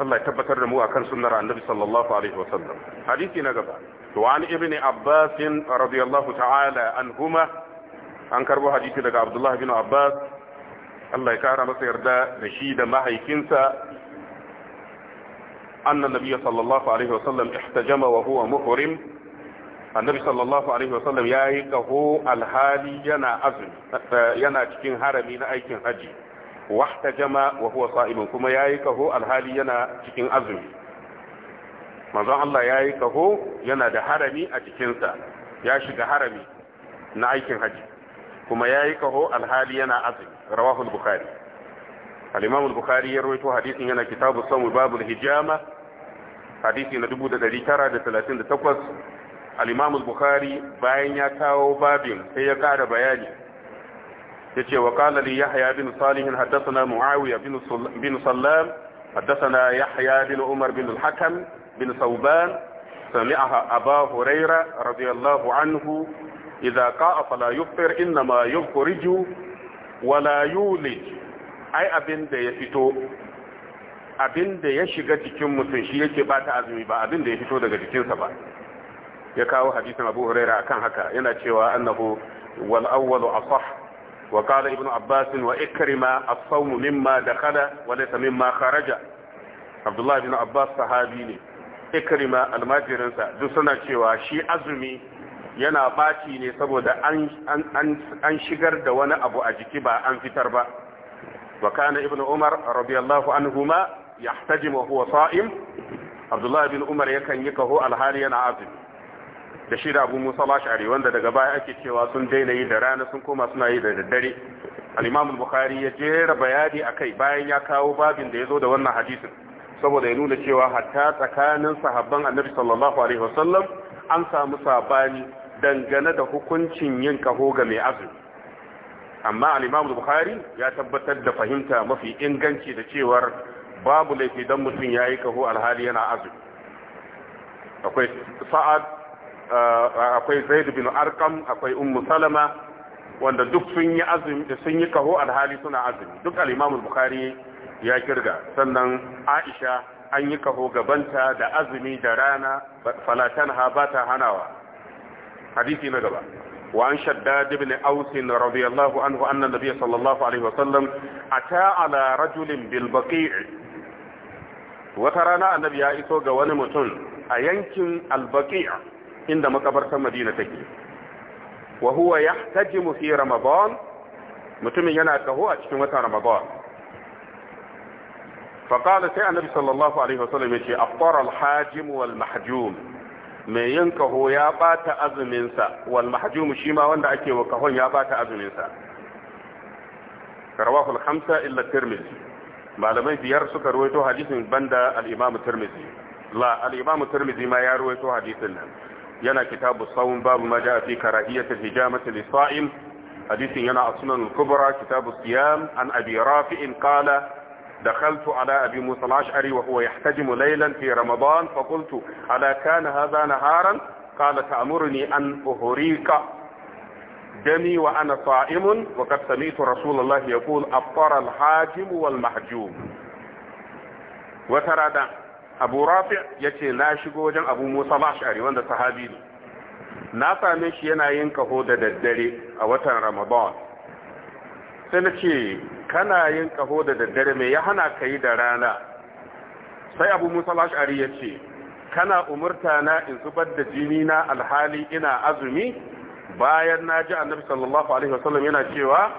Allah ya tabbatar da mu akan sunnar annabi sallallahu alaihi wasallam hadisi na gaba to an ibn abbas radiyallahu ta'ala anhuma an karbo hadisi daga abdullah bin abbas Allah ya kara masa yarda da shi da mahaifinsa anna nabiyyu sallallahu alaihi wasallam ihtajama wa huwa muhrim annabi sallallahu alaihi wasallam ya yi kaho alhali yana azumi yana cikin harami na aikin haji wahta jama wa huwa sa'imun kuma ya yi kaho alhali yana cikin azumi manzon Allah ya yi kaho yana da harami a cikinsa ya shiga harami na aikin haji kuma ya yi kaho alhali yana azumi rawahu al-bukhari al-imam al-bukhari ya rawaito hadisin yana kitabu samu babul hijama hadisi na 1938 al-imam al bayan ya kawo babin sai ya ƙara bayani yace wa qala ya yahya bin salih haddathana muawiya bin bin sallam haddathana yahya bin umar bin al-hakam bin thawban sami'aha aba hurayra radiyallahu anhu iza kaa fala yufṭir ma yukhriju wala yulij ai abinda ya fito abinda ya shiga cikin mutum shi yake ba ta azumi ba abinda ya fito daga jikinsa ba ya kawo hadisin abu huraira akan haka yana cewa annahu wal awwalu asah wa qala ibnu abbas wa ikrima as-sawm mimma dakhala wa laysa mimma kharaja abdullah ibn abbas sahabi ne ikrima almajirinsa duk suna cewa shi azumi yana baci ne saboda an shigar da wani abu a jiki ba an fitar ba wa kana ibnu umar radiyallahu anhuma yahtajimu huwa sa'im abdullah ibn umar yakan yi kaho alhali yana azumi da shi da abu musa lashari wanda daga baya ake cewa sun daina yi da rana sun koma suna yi da daddare al'imamu bukari ya jera bayani a kai bayan ya kawo babin da ya zo da wannan hadisin saboda ya nuna cewa hatta tsakanin sahabban annabi sallallahu alaihi wasallam an samu sabani dangane da hukuncin yin kaho ga mai azumi amma al'imamu bukari ya tabbatar da fahimta mafi inganci da cewar babu laifi dan mutum ya yi kaho alhali yana azumi akwai sa'ad Ah, akwai zaidu bin arkam akwai ummu salama wanda duk sun yi azumi sun yi kaho alhali suna azumi duk al'imamul bukhari ya kirga sannan aisha an yi kaho gabanta da azumi da rana falatan ha ba ta hanawa hadisi na gaba wa an shadda ibn radiyallahu anhu anna nabiy sallallahu alaihi wa sallam ata ala rajulin bil baqi' wa tarana annabi ya iso ga wani mutum a yankin al inda makabartar madina take wa huwa yahtajimu fi ramadan mutumin yana kaho a cikin watan ramadan fa qala sai annabi sallallahu alaihi wasallam yace afṭara al-hajim wal mahjum mai yin kaho ya bata azumin sa wal mahjum shi ma wanda ake wa kahon ya bata azumin sa rawahu al-khamsa illa tirmidhi malamai biyar suka ruwaito hadisin banda al-imam tirmidhi la al-imam tirmidhi ma ya ruwaito hadisin nan yana kitabu sawun babu ma ja'a fi karahiyatil hijamati lisa'im hadisin yana a sunan kubra kitabu siyam an abi rafi'in qala دخلت على أبي موسى الأشعري وهو يحتجم ليلا في رمضان فقلت ألا كان هذا نهارا قال تأمرني أن أهريك دمي وأنا صائم وقد سمعت رسول الله يقول أفطر الحاجم والمحجوم وترى abu rafi ya ce na shigo wajen abu musa mashari wanda sahabi ne na same shi yana yin kaho da daddare a watan ramadan sai na ce kana yin kaho da daddare mai ya hana ka yi da rana sai abu musa mashari ya ce kana umurta na in zubar da jini na alhali ina azumi bayan na ji annabi sallallahu alaihi wasallam yana cewa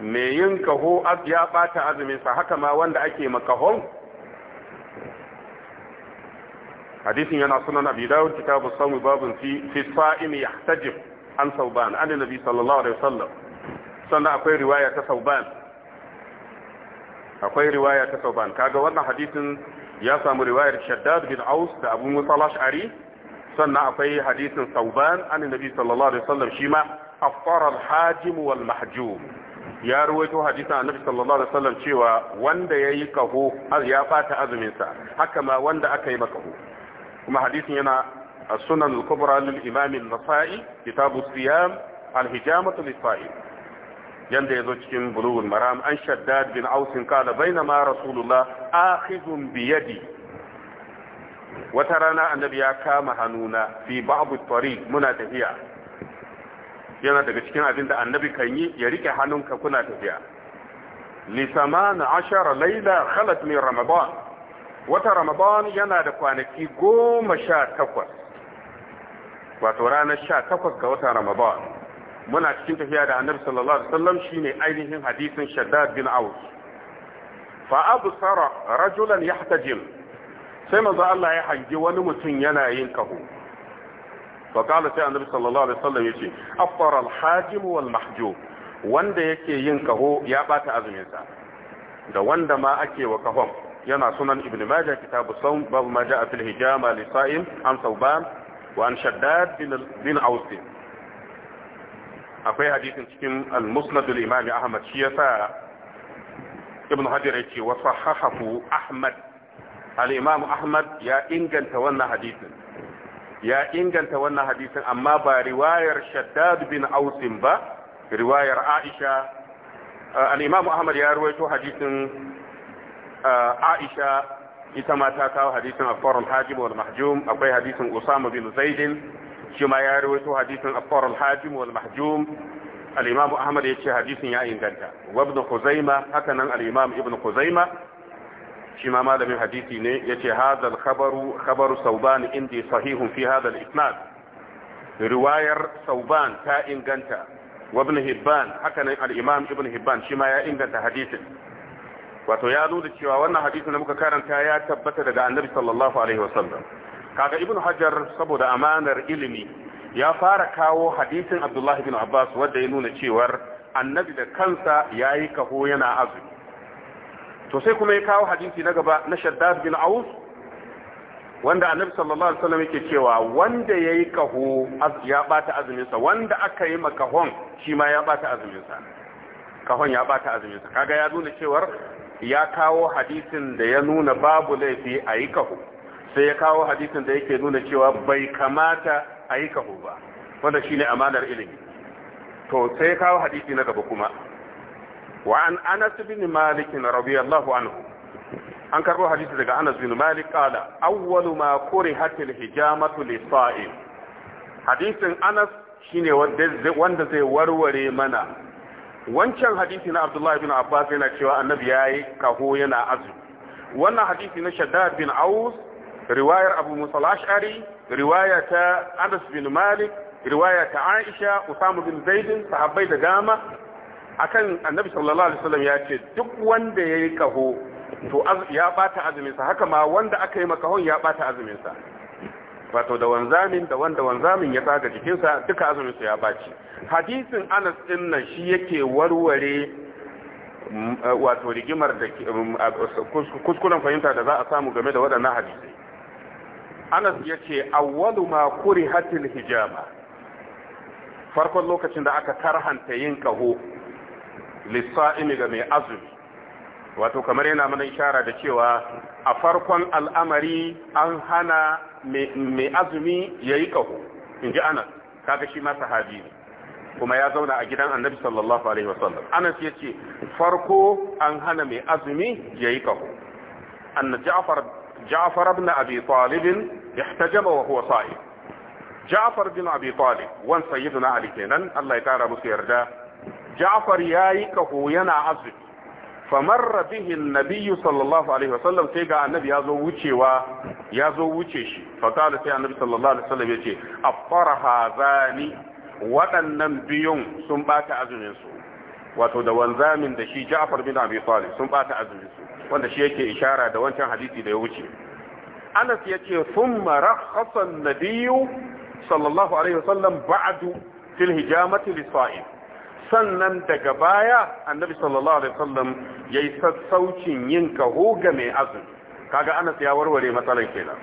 mai yin kaho ya bata azumin sa haka ma wanda ake makahon hadisin yana sunan abi dawud kitabu sawmi babun fi fi sa'im yahtajib an sauban an nabi sallallahu alaihi wasallam sannan akwai riwaya ta sauban akwai riwaya ta sauban kaga wannan hadisin ya samu riwayar shaddad bin aus da abu musa ashari sannan akwai hadisin sauban an nabi sallallahu alaihi wasallam shi ma afqara al-hajim wal mahjum ya ruwaito hadisin annabi sallallahu alaihi wasallam cewa wanda yayi kaho ya fata azumin sa haka ma wanda aka yi makaho kuma hadisin yana a sunan al-kubra lil nasai kitabu siyam al-hijamatu lis-sa'il yanda cikin bulughul maram an shaddad bin aus qala ma rasulullah akhidun bi wata rana annabi ya kama hannuna fi ba'd at muna tafiya yana daga cikin abin da annabi kan yi ya rike hannunka kuna tafiya li samana ashara Laila khalat min ramadan wata ramadan yana da kwanaki goma sha takwas wato ranar sha takwas ga wata ramadan muna cikin tafiya da annabi sallallahu alaihi wasallam shine ainihin hadisin shaddad bin aus fa absara rajulan yahtajim sai manzo Allah ya hangi wani mutum yana yin kaho fa kala sai annabi sallallahu alaihi wasallam yace afara al-hajim wal mahjub wanda yake yin kaho ya bata azumin sa da wanda ma ake wa kahon yana sunan ibn majah kitabu sawm babu ma jaa fil hijama li an sauban wa an shaddad bin aus akwai hadisin cikin al-musnad al ahmad shi yasa ibn hajar ce wasu sahahahu ahmad al-imam ahmad ya inganta wannan hadisin ya inganta wannan hadisin amma ba riwayar shaddad bin aus ba riwayar aisha al-imam ahmad ya ruwaito hadisin Aisha ita ma ta kawo hadisin afkar al-hajim wal mahjum akwai hadisin Usama bin Zaid shi ma ya rawaito hadisin afkar hajim wal mahjum al-Imam Ahmad hadisin ya inganta wa Ibn Khuzaimah haka Ibn Khuzaimah shi ma malamin hadisi ne yace hadha al-khabaru khabaru Sauban indi sahihun fi hadha al riwayar ta inganta Hibban Ibn Hibban ya inganta hadisin wato ya nuna cewa wannan hadisin da muka karanta ya tabbata daga annabi sallallahu alaihi wasallam kaga ibnu hajar saboda amanar ilimi ya fara kawo hadisin abdullahi bin abbas wanda ya nuna cewar annabi da kansa yayi kaho yana azumi to sai kuma ya kawo hadisi na gaba na shaddad bin aus wanda annabi sallallahu alaihi wasallam yake cewa wanda yayi kaho ya bata azumin sa wanda aka yi makahon shi ma ya bata azumin sa kahon ya bata azumin sa kaga ya nuna cewar ya kawo hadisin da ya nuna babu laifi a yi kahu, sai ya kawo hadisin da yake nuna cewa bai kamata a yi kahu ba wanda shi ne amanar ilimi to sai ya kawo hadisi na gaba kuma wa an anas bin malik radiyallahu anhu an karbo hadisi daga anas bin malik qala awwalu ma kurihat hijamatu lisa'il hadisin anas shine wanda zai warware mana wancan hadisi na abdullahi bin abbas yana cewa annabi ya yi kaho yana azumi wannan hadisi na shaddad bin aus riwayar abu musa al-ash'ari riwaya ta anas bin malik riwaya ta aisha usamu bin zaidin sahabbai da dama akan annabi sallallahu alaihi wasallam ya ce duk wanda yayi kaho to ya bata azumin sa haka ma wanda aka yi makahon ya bata azumin sa wato da wanzamin da wanda wanzamin ya tsaga jikinsa duka azumin sa ya bace hadisin anas din nan shi yake warware mm, eh, wato rigimar da mm, kuskuren fahimta da za a samu game da waɗannan hadisai anas ya ce awwalu ma kurihatil hijama farkon lokacin da aka tarhanta yin kaho lissa'imi ga mai azumi wato kamar yana mana ishara da cewa a farkon al'amari an hana mai azumi ya yi kaho in ji anas kaga shi ma sahabi ne kuma ya zauna a gidan annabi sallallahu alaihi wasallam anas ya ce farko an hana mai azumi ya yi kaho anna ja'far ja'far ibn abi talib yahtajama wa huwa sa'id ja'far ibn abi talib wan sayyiduna ali kenan Allah ya kara musu yarda ja'far yayi kaho yana azumi famarra bihi annabi sallallahu alaihi wasallam sai ga annabi ya zo wucewa ya zo wuce shi fa sai annabi sallallahu alaihi wasallam ya ce afara hazani waɗannan biyun sun ɓata azumin su wato da wanzamin da shi Ja'far bin Abi Talib sun bata azumin su wanda shi yake ishara da wancan hadisi da ya wuce Anas yace mara rakhasa na biyu sallallahu alaihi wasallam ba'du fil hijamati lis sannan daga baya annabi sallallahu alaihi wasallam yayi sassaucin yin kaho ga mai azumi kaga Anas ya warware matsalar kenan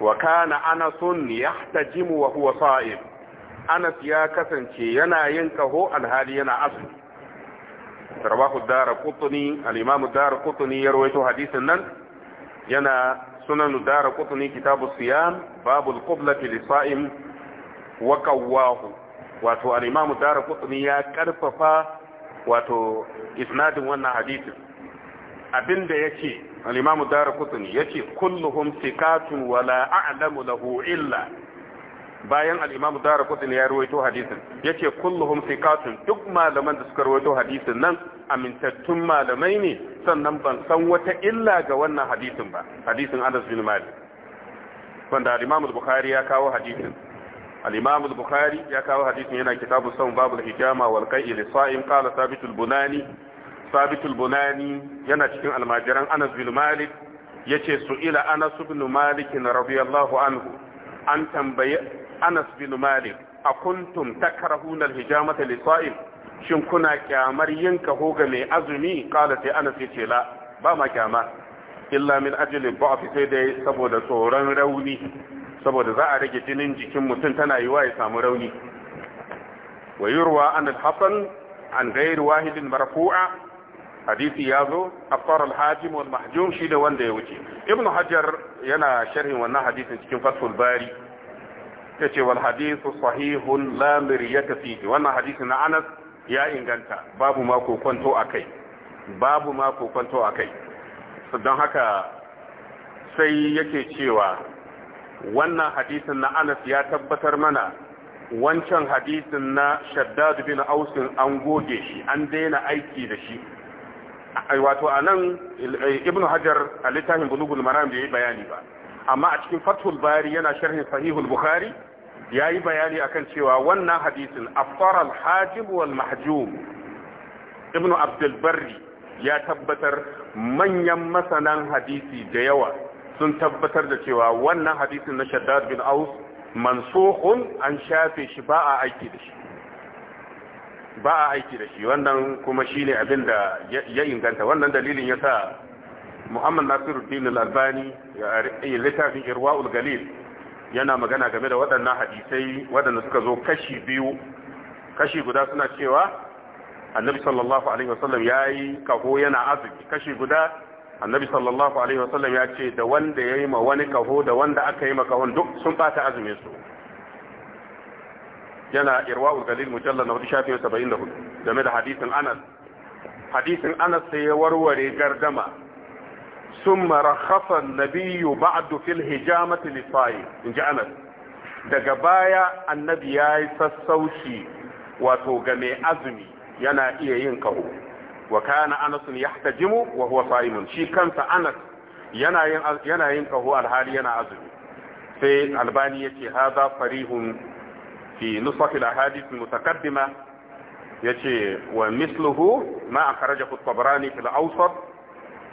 wa kana Anasun yahtajimu wa huwa sa'im anas ya kasance yana yin kaho alhali yana asu dara kutuni alimamu dara kutuni ya rawaito hadisin nan yana sunanu dara kutuni kitabu siyam babu al-qiblati lis wa wato alimamu dara kutuni ya karfafa wato isnadin wannan hadisin abinda yake al-imam darqutni yace kulluhum thiqatun wala a'lamu lahu illa bayan al-Imam kudin ya ruwaito hadisin yace kulluhum thiqatun duk malaman da suka ruwaito hadisin nan amintattun malamai ne sannan ban san wata illa ga wannan hadisin ba hadisin Anas bin Malik wanda al-Imam Bukhari ya kawo hadisin Bukhari ya kawo hadisin yana حديث هنا كتاب الصوم باب الحجامة والقيء للصائم قال ثابت Bunani, Sabitul Bunani yana cikin almajiran Anas bin Malik yace su ila Anas bin Malik radiyallahu anhu an tambaye Anas bin Malik a kuntum takrahuna al-hijamata lisa'il shin kuna kyamar kaho ga mai azumi kala sai Anas yace la ba ma kyama illa min ajli ba'f sai dai saboda tsoron rauni saboda za a rage jinin jikin mutum tana yiwa ya samu rauni wa yurwa an al-hasan an ghayr wahid marfu'a hadisi yazo afar al-hajim wal mahjum shi da wanda ya wuce ibnu hajar yana sharhin wannan hadisin cikin fathul bari ya ce wal hadithu sahihun la miryata fihi wannan hadisi na Anas ya inganta babu ma kokonto akai babu ma kokonto akai don haka sai yake cewa wannan hadisin na Anas ya tabbatar mana wancan hadisin na Shaddad bin Ausin an goge shi an daina aiki da shi wato anan Ibn Hajar a littafin Bulughul Maram bai bayani ba amma a cikin fathul bari yana sharhin sahihul bukhari yi bayani akan cewa wannan hadisin afara al-hajib wal mahjum ibn abdul barri ya tabbatar manyan masanan hadisi da yawa sun tabbatar da cewa wannan hadisin na shaddad bin aus mansukhun an shafe shi ba a aiki da shi ba a aiki da shi wannan kuma shine abin da ya inganta wannan dalilin yasa muhammad Nasiru din al-albani ya littafin irwa'ul galil yana magana game da waɗannan hadisai waɗanda suka zo kashi biyu kashi guda suna cewa annabi sallallahu alaihi wasallam yayi kaho yana azumi kashi guda annabi sallallahu alaihi wasallam ya ce da wanda ya yi ma wani kaho da wanda aka yi ma kahon duk sun bata azumin su yana irwaul galil mujallal na da hudu. game da hadisin anas hadisin anas sai ya warware gardama sun marakhasan nabiyu ba'du fil hijamati lisai in ji anas daga baya annabi ya yi sassauci wato ga azumi yana iya yin kaho wa kana anas yahtajimu wa huwa sa'imun shi kansa anas yana yin yana alhali yana azumi sai albani yace hadha farihun fi nusakh al-ahadith al-mutaqaddima yace wa Misluhu? ma akhrajahu at-tabrani fil awsat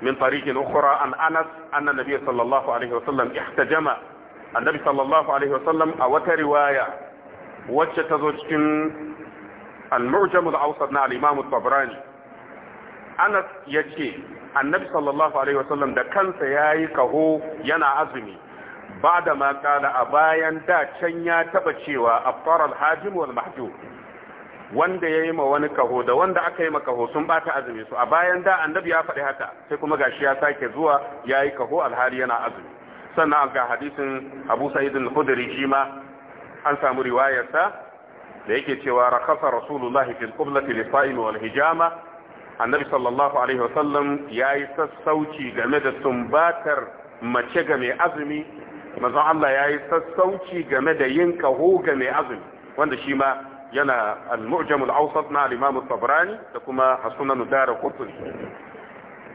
min farikin ukhra an anas anna nabiy sallallahu alaihi wasallam ihtajama annabi sallallahu alaihi wasallam a wata riwaya wacce ta zo cikin al-mu'jam al-awsat na al-imam at-tabrani anas yace annabi sallallahu alaihi wasallam da kansa yayi kaho yana azumi ba da ma a bayan da can ya taba cewa afara al wal wanda ya yi ma wani kaho da wanda aka yi ma kaho sun bata azumi su a bayan da annabi ya faɗi haka sai kuma gashi ya sake zuwa ya yi kaho alhali yana azumi sannan ga hadisin abu sa'id al shi ma an samu riwayarsa da yake cewa rakasa rasulullahi fil qiblati lisa'im wal hijama annabi sallallahu alaihi wasallam yayi sassauci game da sumbatar mace ga mai azumi manzon Allah yayi sassauci game da yin kaho ga mai azumi wanda shi ma yana al-mu'jam al-awsat na al-imam tabrani da kuma hasunan sunan darqutni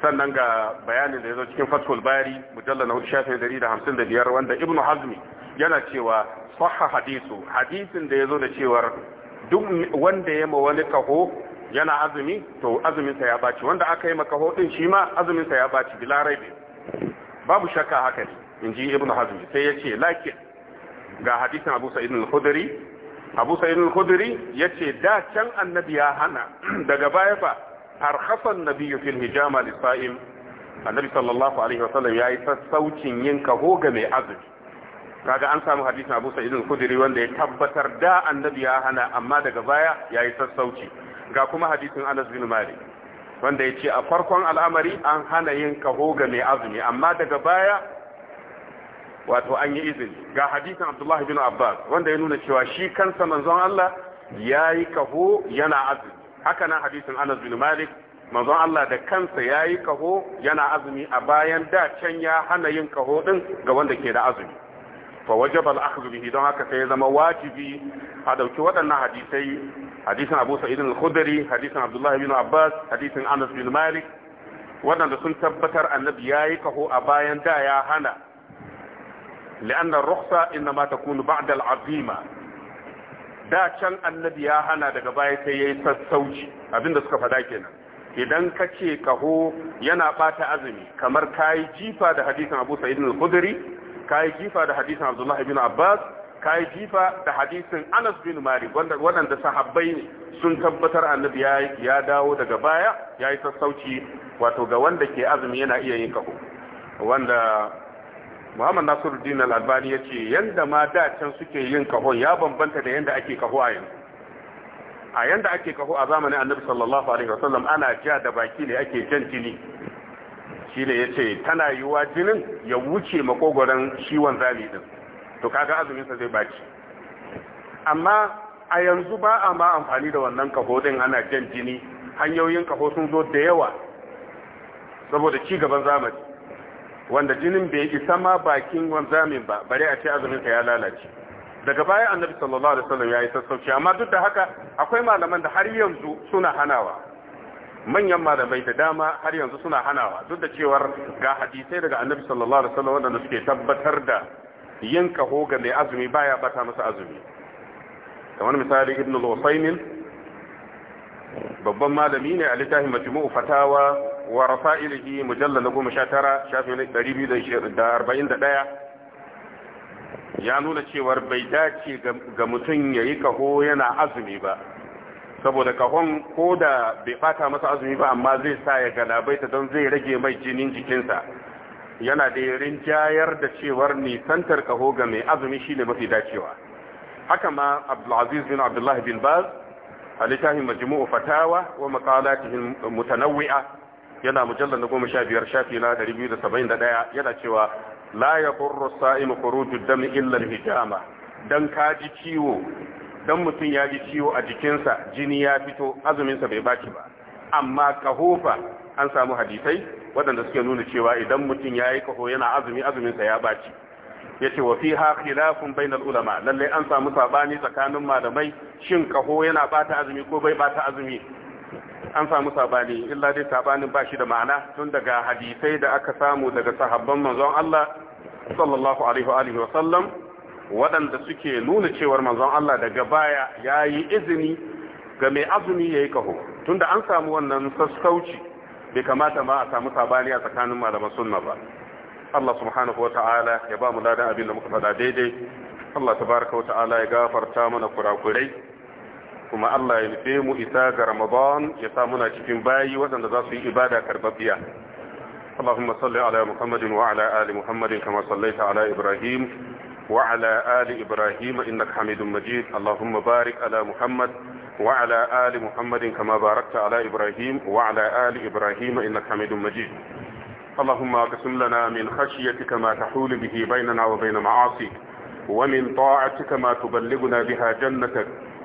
sannan ga bayanin da yazo cikin fathul bari mujallal shafi 155 wanda ibnu hazmi yana cewa sahha hadisu hadisin da yazo da cewar duk wanda ya ma wani kaho yana azumi to sa ya baci wanda aka yi kaho din shi ma azuminsa ya baci bila babu shakka haka ne inji ibnu hazmi sai ya ce lakin ga hadisin abu sa'id al-khudri abu sa'id al-khudri yace da can annabi ya hana daga baya fa arkhasan nabiyyu fil hijama lisa'im annabi sallallahu alaihi wasallam yayi sassaucin yin kaho ga mai azumi kaga an samu hadisin abu sa'id al-khudri wanda ya tabbatar da annabi ya hana amma daga baya yayi sassauci ga kuma hadisin anas bin malik wanda yace a farkon al'amari an hana yin kaho ga mai azumi amma daga baya wato an yi izini ga hadisin abdullahi bin abbas wanda ya nuna cewa shi kansa manzon Allah ya yi kaho yana azumi haka nan hadisin anas bin malik manzon Allah da kansa ya yi kaho yana azumi a bayan da can ya hana yin kaho din ga wanda ke da azumi fa wajaba al-akhdhu bihi don haka sai ya zama wajibi a dauki waɗannan hadisai hadisin Abu Sa'id al-Khudri hadisin Abdullahi bin Abbas hadisin Anas bin Malik waɗanda sun tabbatar annabi ya yi kaho a bayan da ya hana لأن الرخصة إنما تكون بعد العظيمة da can annabi ya hana daga baya sai yayi sassauci abinda suka faɗa kenan idan ka ce kaho yana bata azumi kamar kayi jifa da hadisin Abu Sa'id al-Khudri kayi jifa da hadisin Abdullah ibn Abbas kai jifa da hadisin Anas bin Malik wanda waɗanda sahabbai ne sun tabbatar annabi ya ya dawo daga baya yayi sassauci wato ga wanda ke azumi yana iya yin kaho wanda muhammad nasiruddin al-albani ya ce yanda ma da can suke yin kaho ya bambanta da yanda ake kaho a yanzu a yanda ake kaho a zamanin annabi sallallahu alaihi wasallam ana ja da baki ne ake jan jini shi ne ya tana yiwuwa jinin ya wuce makogoran ciwon zali din to kaga sa zai baci amma a yanzu ba a ma amfani da wannan kaho din ana jan jini hanyoyin kaho sun zo da yawa saboda ci gaban zamani wanda jinin bai isa ma bakin wanzamin ba bare a ce azuminsa ya lalace daga baya annabi sallallahu alaihi wasallam ya yi sassauci amma duk da haka akwai malaman da har yanzu suna hanawa manyan malamai da dama har yanzu suna hanawa duk da cewar ga hadisai daga annabi sallallahu alaihi wasallam wanda suke tabbatar da yin kaho ga mai azumi baya bata masa azumi kamar misali ibn al-usaymin babban malami ne a littafin majmu'u fatawa wa rasa'ilihi mujallal na goma sha tara shafi ɗari biyu ya nuna cewar bai dace ga mutum ya yi kaho yana azumi ba saboda kahon ko da bai fata masa azumi ba amma zai sa ya galabaita don zai rage mai jinin jikinsa yana da jayar da cewar nisantar kaho ga mai azumi shine mafi dacewa haka ma abdulaziz bin abdullahi bin baz a littafin majmu'u fatawa wa maqalatihim mutanawwi'a yana mujallar na goma sha biyar shafi na ɗari biyu da saba'in da ɗaya yana cewa la ya kurro sa'imu kurujud dam illar hijama don ka ji ciwo don mutum ya ji ciwo a jikinsa jini ya fito azuminsa bai baci ba amma kahofa an samu hadisai waɗanda suke nuna cewa idan mutum ya yi kaho yana azumi azuminsa ya baci ya ce wa fi ha khilafun bainal ulama lallai an samu saɓani tsakanin malamai shin kaho yana bata azumi ko bai bata azumi an samu sabani illa dai sabanin ba shi da ma'ana tun daga hadisai da aka samu daga sahabban manzon Allah sallallahu alaihi wa alihi wa sallam waɗanda suke nuna cewar manzon Allah daga baya yayi izini ga mai azumi yayi kaho tunda an samu wannan sassauci bai kamata ma a samu sabani a tsakanin malaman sunna ba Allah subhanahu wa ta'ala ya ba mu ladan abin da muka faɗa daidai Allah tabaraka wa ta'ala ya gafarta mana kurakurai kuma Allah ya nufe mu isa ga Ramadan ya sa muna cikin bayi waɗanda za su yi ibada karbabiya Allahumma salli ala Muhammadin wa ala ali Muhammadin kama sallaita ala Ibrahim wa ala ali Ibrahim innaka Hamidum Majid Allahumma barik ala Muhammad wa ala ali Muhammadin kama barakta ala Ibrahim wa ala ali Ibrahim innaka Hamidum Majid اللهم اقسم لنا من خشيتك ما تحول به بيننا وبين معاصيك ومن طاعتك ما تبلغنا بها جنتك